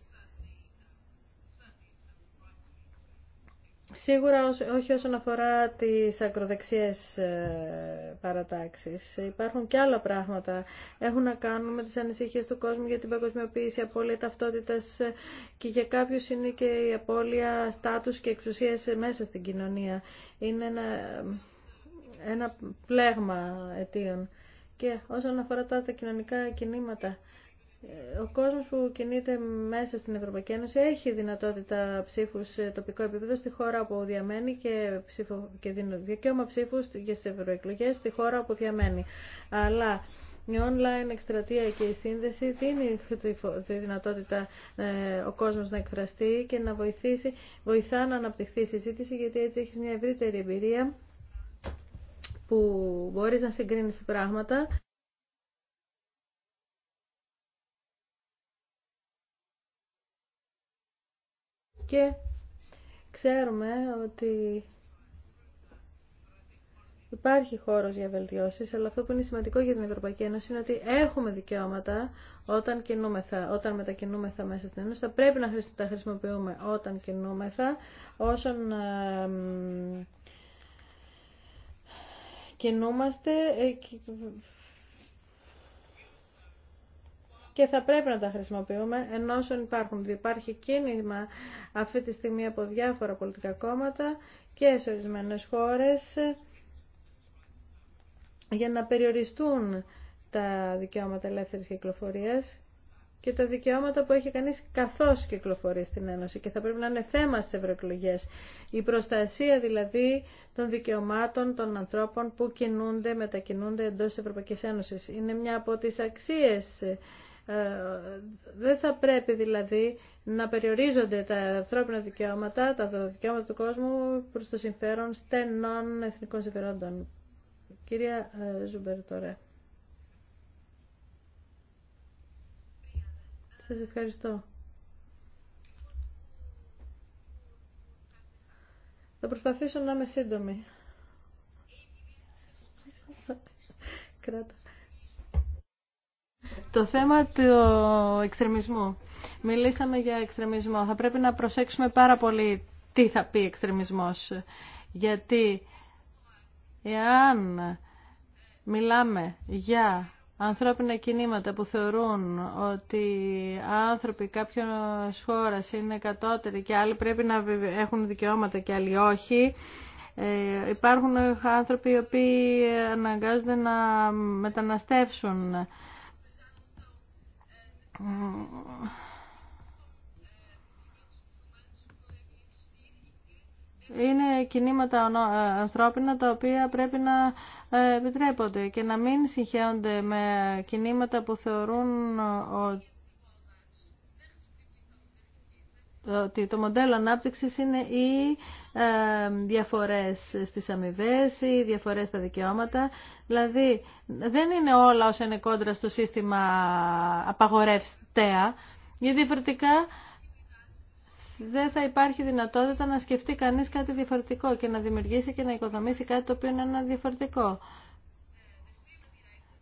C: Σίγουρα όχι όσον αφορά τις ακροδεξιές ε, παρατάξεις. Υπάρχουν και άλλα πράγματα. Έχουν να κάνουν με τις ανησυχίες του κόσμου για την παγκοσμιοποίηση, απώλεια ταυτότητας ε, και για κάποιους είναι και η απώλεια στάτους και εξουσίας μέσα στην κοινωνία. Είναι ένα, ένα πλέγμα αιτίων. Και όσον αφορά τώρα τα κοινωνικά κινήματα, ο κόσμος που κινείται μέσα στην Ευρωπαϊκή Ένωση έχει δυνατότητα ψήφου σε τοπικό επίπεδο στη χώρα που διαμένει και, ψήφο, και δικαίωμα ψήφου για τι ευρωεκλογέ στη χώρα που διαμένει. Αλλά η online εκστρατεία και η σύνδεση δίνει τη δυνατότητα ε, ο κόσμος να εκφραστεί και να βοηθήσει, βοηθά να αναπτυχθεί η συζήτηση γιατί έτσι έχει μια ευρύτερη εμπειρία που μπορεί να συγκρίνεις πράγματα. Και ξέρουμε ότι Υπάρχει χώρος για βελτιώσεις, αλλά αυτό που είναι σημαντικό για την Ευρωπαϊκή Ένωση είναι ότι έχουμε δικαιώματα όταν, κινούμεθα, όταν μετακινούμεθα μέσα στην Ένωση. Θα πρέπει να τα χρησιμοποιούμε όταν κινούμεθα, όσον κινούμαστε ε, και θα πρέπει να τα χρησιμοποιούμε ενώσον υπάρχουν. Υπάρχει κίνημα αυτή τη στιγμή από διάφορα πολιτικά κόμματα και σε ορισμένε χώρε. για να περιοριστούν τα δικαιώματα ελεύθερης κυκλοφορίας και τα δικαιώματα που έχει κανείς καθώς κυκλοφορεί στην Ένωση και θα πρέπει να είναι θέμα στις ευρωεκλογέ. Η προστασία δηλαδή των δικαιωμάτων των ανθρώπων που κινούνται, μετακινούνται εντός της Ευρωπαϊκής Ένωσης. Είναι μια από τις αξίες ε, δεν θα πρέπει δηλαδή να περιορίζονται τα ανθρώπινα δικαιώματα, τα δικαιώματα του κόσμου προς το συμφέρον στενών εθνικών συμφερόντων. Κυρία ε, Ζουμπερ τώρα. Σας ευχαριστώ. Θα προσπαθήσω να είμαι σύντομη. Κράτα. Το θέμα του εξτρεμισμού. Μιλήσαμε για εξτρεμισμό. Θα πρέπει να προσέξουμε πάρα πολύ τι θα πει εξτρεμισμός. Γιατί εάν μιλάμε για ανθρώπινα κινήματα που θεωρούν ότι άνθρωποι κάποιων χώρα είναι κατώτεροι και άλλοι πρέπει να έχουν δικαιώματα και άλλοι όχι, ε, υπάρχουν άνθρωποι οι οποίοι αναγκάζονται να μεταναστεύσουν είναι κινήματα ε, ανθρώπινα τα οποία πρέπει να ε, επιτρέπονται και να μην συγχέονται με κινήματα που θεωρούν ότι ότι το μοντέλο ανάπτυξης είναι οι ε, διαφορές στις αμοιβέ, οι διαφορές στα δικαιώματα. Δηλαδή δεν είναι όλα όσα είναι κόντρα στο σύστημα απαγορεύστεα, γιατί διαφορετικά δεν θα υπάρχει δυνατότητα να σκεφτεί κανείς κάτι διαφορετικό και να δημιουργήσει και να οικοδομήσει κάτι το οποίο είναι ένα διαφορετικό.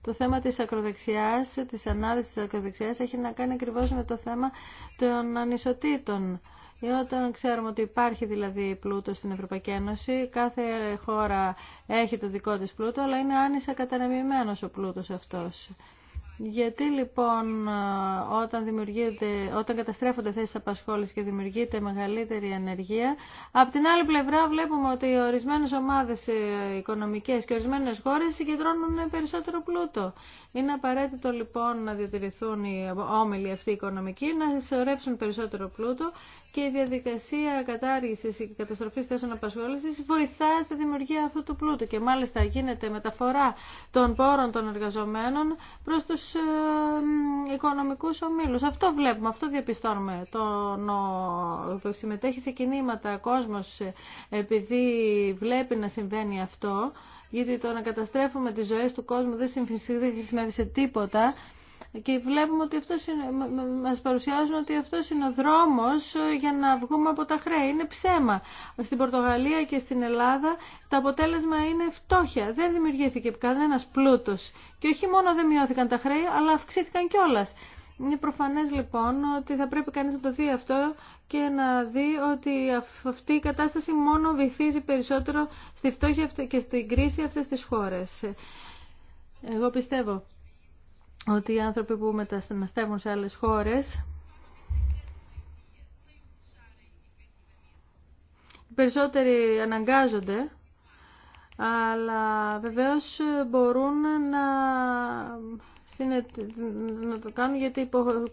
C: Το θέμα της ακροδεξιάς, της ανάδεσης της ακροδεξιάς έχει να κάνει ακριβώς με το θέμα των ανισοτήτων. Όταν ξέρουμε ότι υπάρχει δηλαδή πλούτο στην Ευρωπαϊκή Ένωση, κάθε χώρα έχει το δικό της πλούτο, αλλά είναι άνισα κατανεμημένος ο πλούτος αυτός. Γιατί λοιπόν ε, όταν, δημιουργείται, όταν καταστρέφονται θέσεις απασχόλησης και δημιουργείται μεγαλύτερη ανεργία, από την άλλη πλευρά βλέπουμε ότι οι ορισμένες ομάδες ε, οικονομικές και ορισμένες χώρες συγκεντρώνουν περισσότερο πλούτο. Είναι απαραίτητο λοιπόν να διατηρηθούν οι ε, όμιλοι αυτοί οικονομικοί, να συσσωρεύσουν περισσότερο πλούτο και η διαδικασία κατάργησης και καταστροφής θέσεων απασχόλησης βοηθά στη δημιουργία αυτού του πλούτου και μάλιστα γίνεται μεταφορά των πόρων των εργαζομένων προς τους ε, οικονομικούς ομίλους. Αυτό βλέπουμε, αυτό διαπιστώνουμε. το το συμμετέχει σε κινήματα κόσμος ε, επειδή βλέπει να συμβαίνει αυτό, γιατί το να καταστρέφουμε τις ζωές του κόσμου δεν χρησιμεύει σε τίποτα και βλέπουμε ότι αυτός είναι, μας παρουσιάζουν ότι αυτός είναι ο δρόμος ε, για να βγούμε από τα χρέη. Είναι ψέμα. Στην Πορτογαλία και στην Ελλάδα το αποτέλεσμα είναι φτώχεια. Δεν δημιουργήθηκε κανένας πλούτος. Και όχι μόνο δεν μειώθηκαν τα χρέη, αλλά αυξήθηκαν κιόλα. Είναι προφανές λοιπόν ότι θα πρέπει κανείς να το δει αυτό και να δει ότι αυτή η κατάσταση μόνο βυθίζει περισσότερο στη φτώχεια και στην κρίση αυτές τις χώρες. Εγώ πιστεύω ότι οι άνθρωποι που μεταναστεύουν σε άλλες χώρες οι περισσότεροι αναγκάζονται αλλά βεβαίως μπορούν να, να το κάνουν γιατί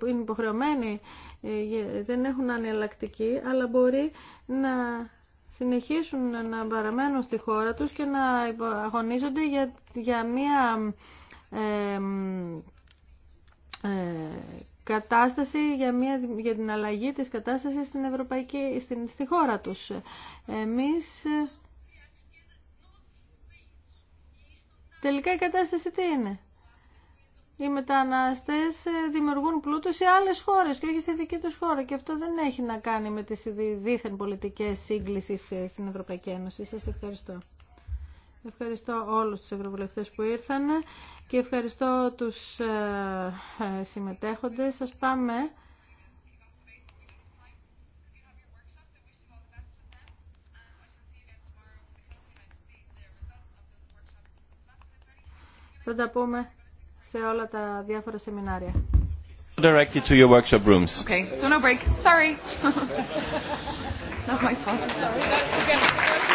C: είναι υποχρεωμένοι, ε, δεν έχουν ανελακτική, αλλά μπορεί να συνεχίσουν να παραμένουν στη χώρα τους και να αγωνίζονται για, για μια ε, κατάσταση για, μια, για την αλλαγή της κατάστασης στην, Ευρωπαϊκή, στην, στη χώρα τους. Εμείς... Ε, τελικά η κατάσταση τι είναι. Οι μετανάστες ε, δημιουργούν πλούτο σε άλλες χώρες και όχι στη δική τους χώρα και αυτό δεν έχει να κάνει με τις δίθεν πολιτικές σύγκλησης στην Ευρωπαϊκή Ένωση. Σας ευχαριστώ. Ευχαριστώ όλους τους ευρωβουλευτές που ήρθαν και ευχαριστώ τους ε, ε, συμμετέχοντες. Σας πάμε. Θα τα πούμε σε όλα τα διάφορα σεμινάρια. Directed to your workshop rooms.
A: Okay, so no break. Sorry. Not my fault.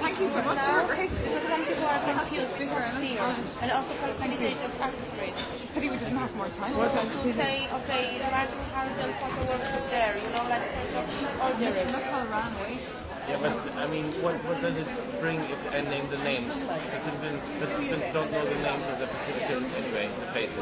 C: Thank you so much for your great. Some people are confused with her and also for
A: the candidate is accurate. It's pity we didn't have more time. Well, to say, okay, the last there for the photo is there, you know, like sort of order it. That's how around, wait. Yeah, but
B: I mean, what, what does it bring if I name the names? Because it's been, it's been, don't know the names of the
C: participants anyway, the faces.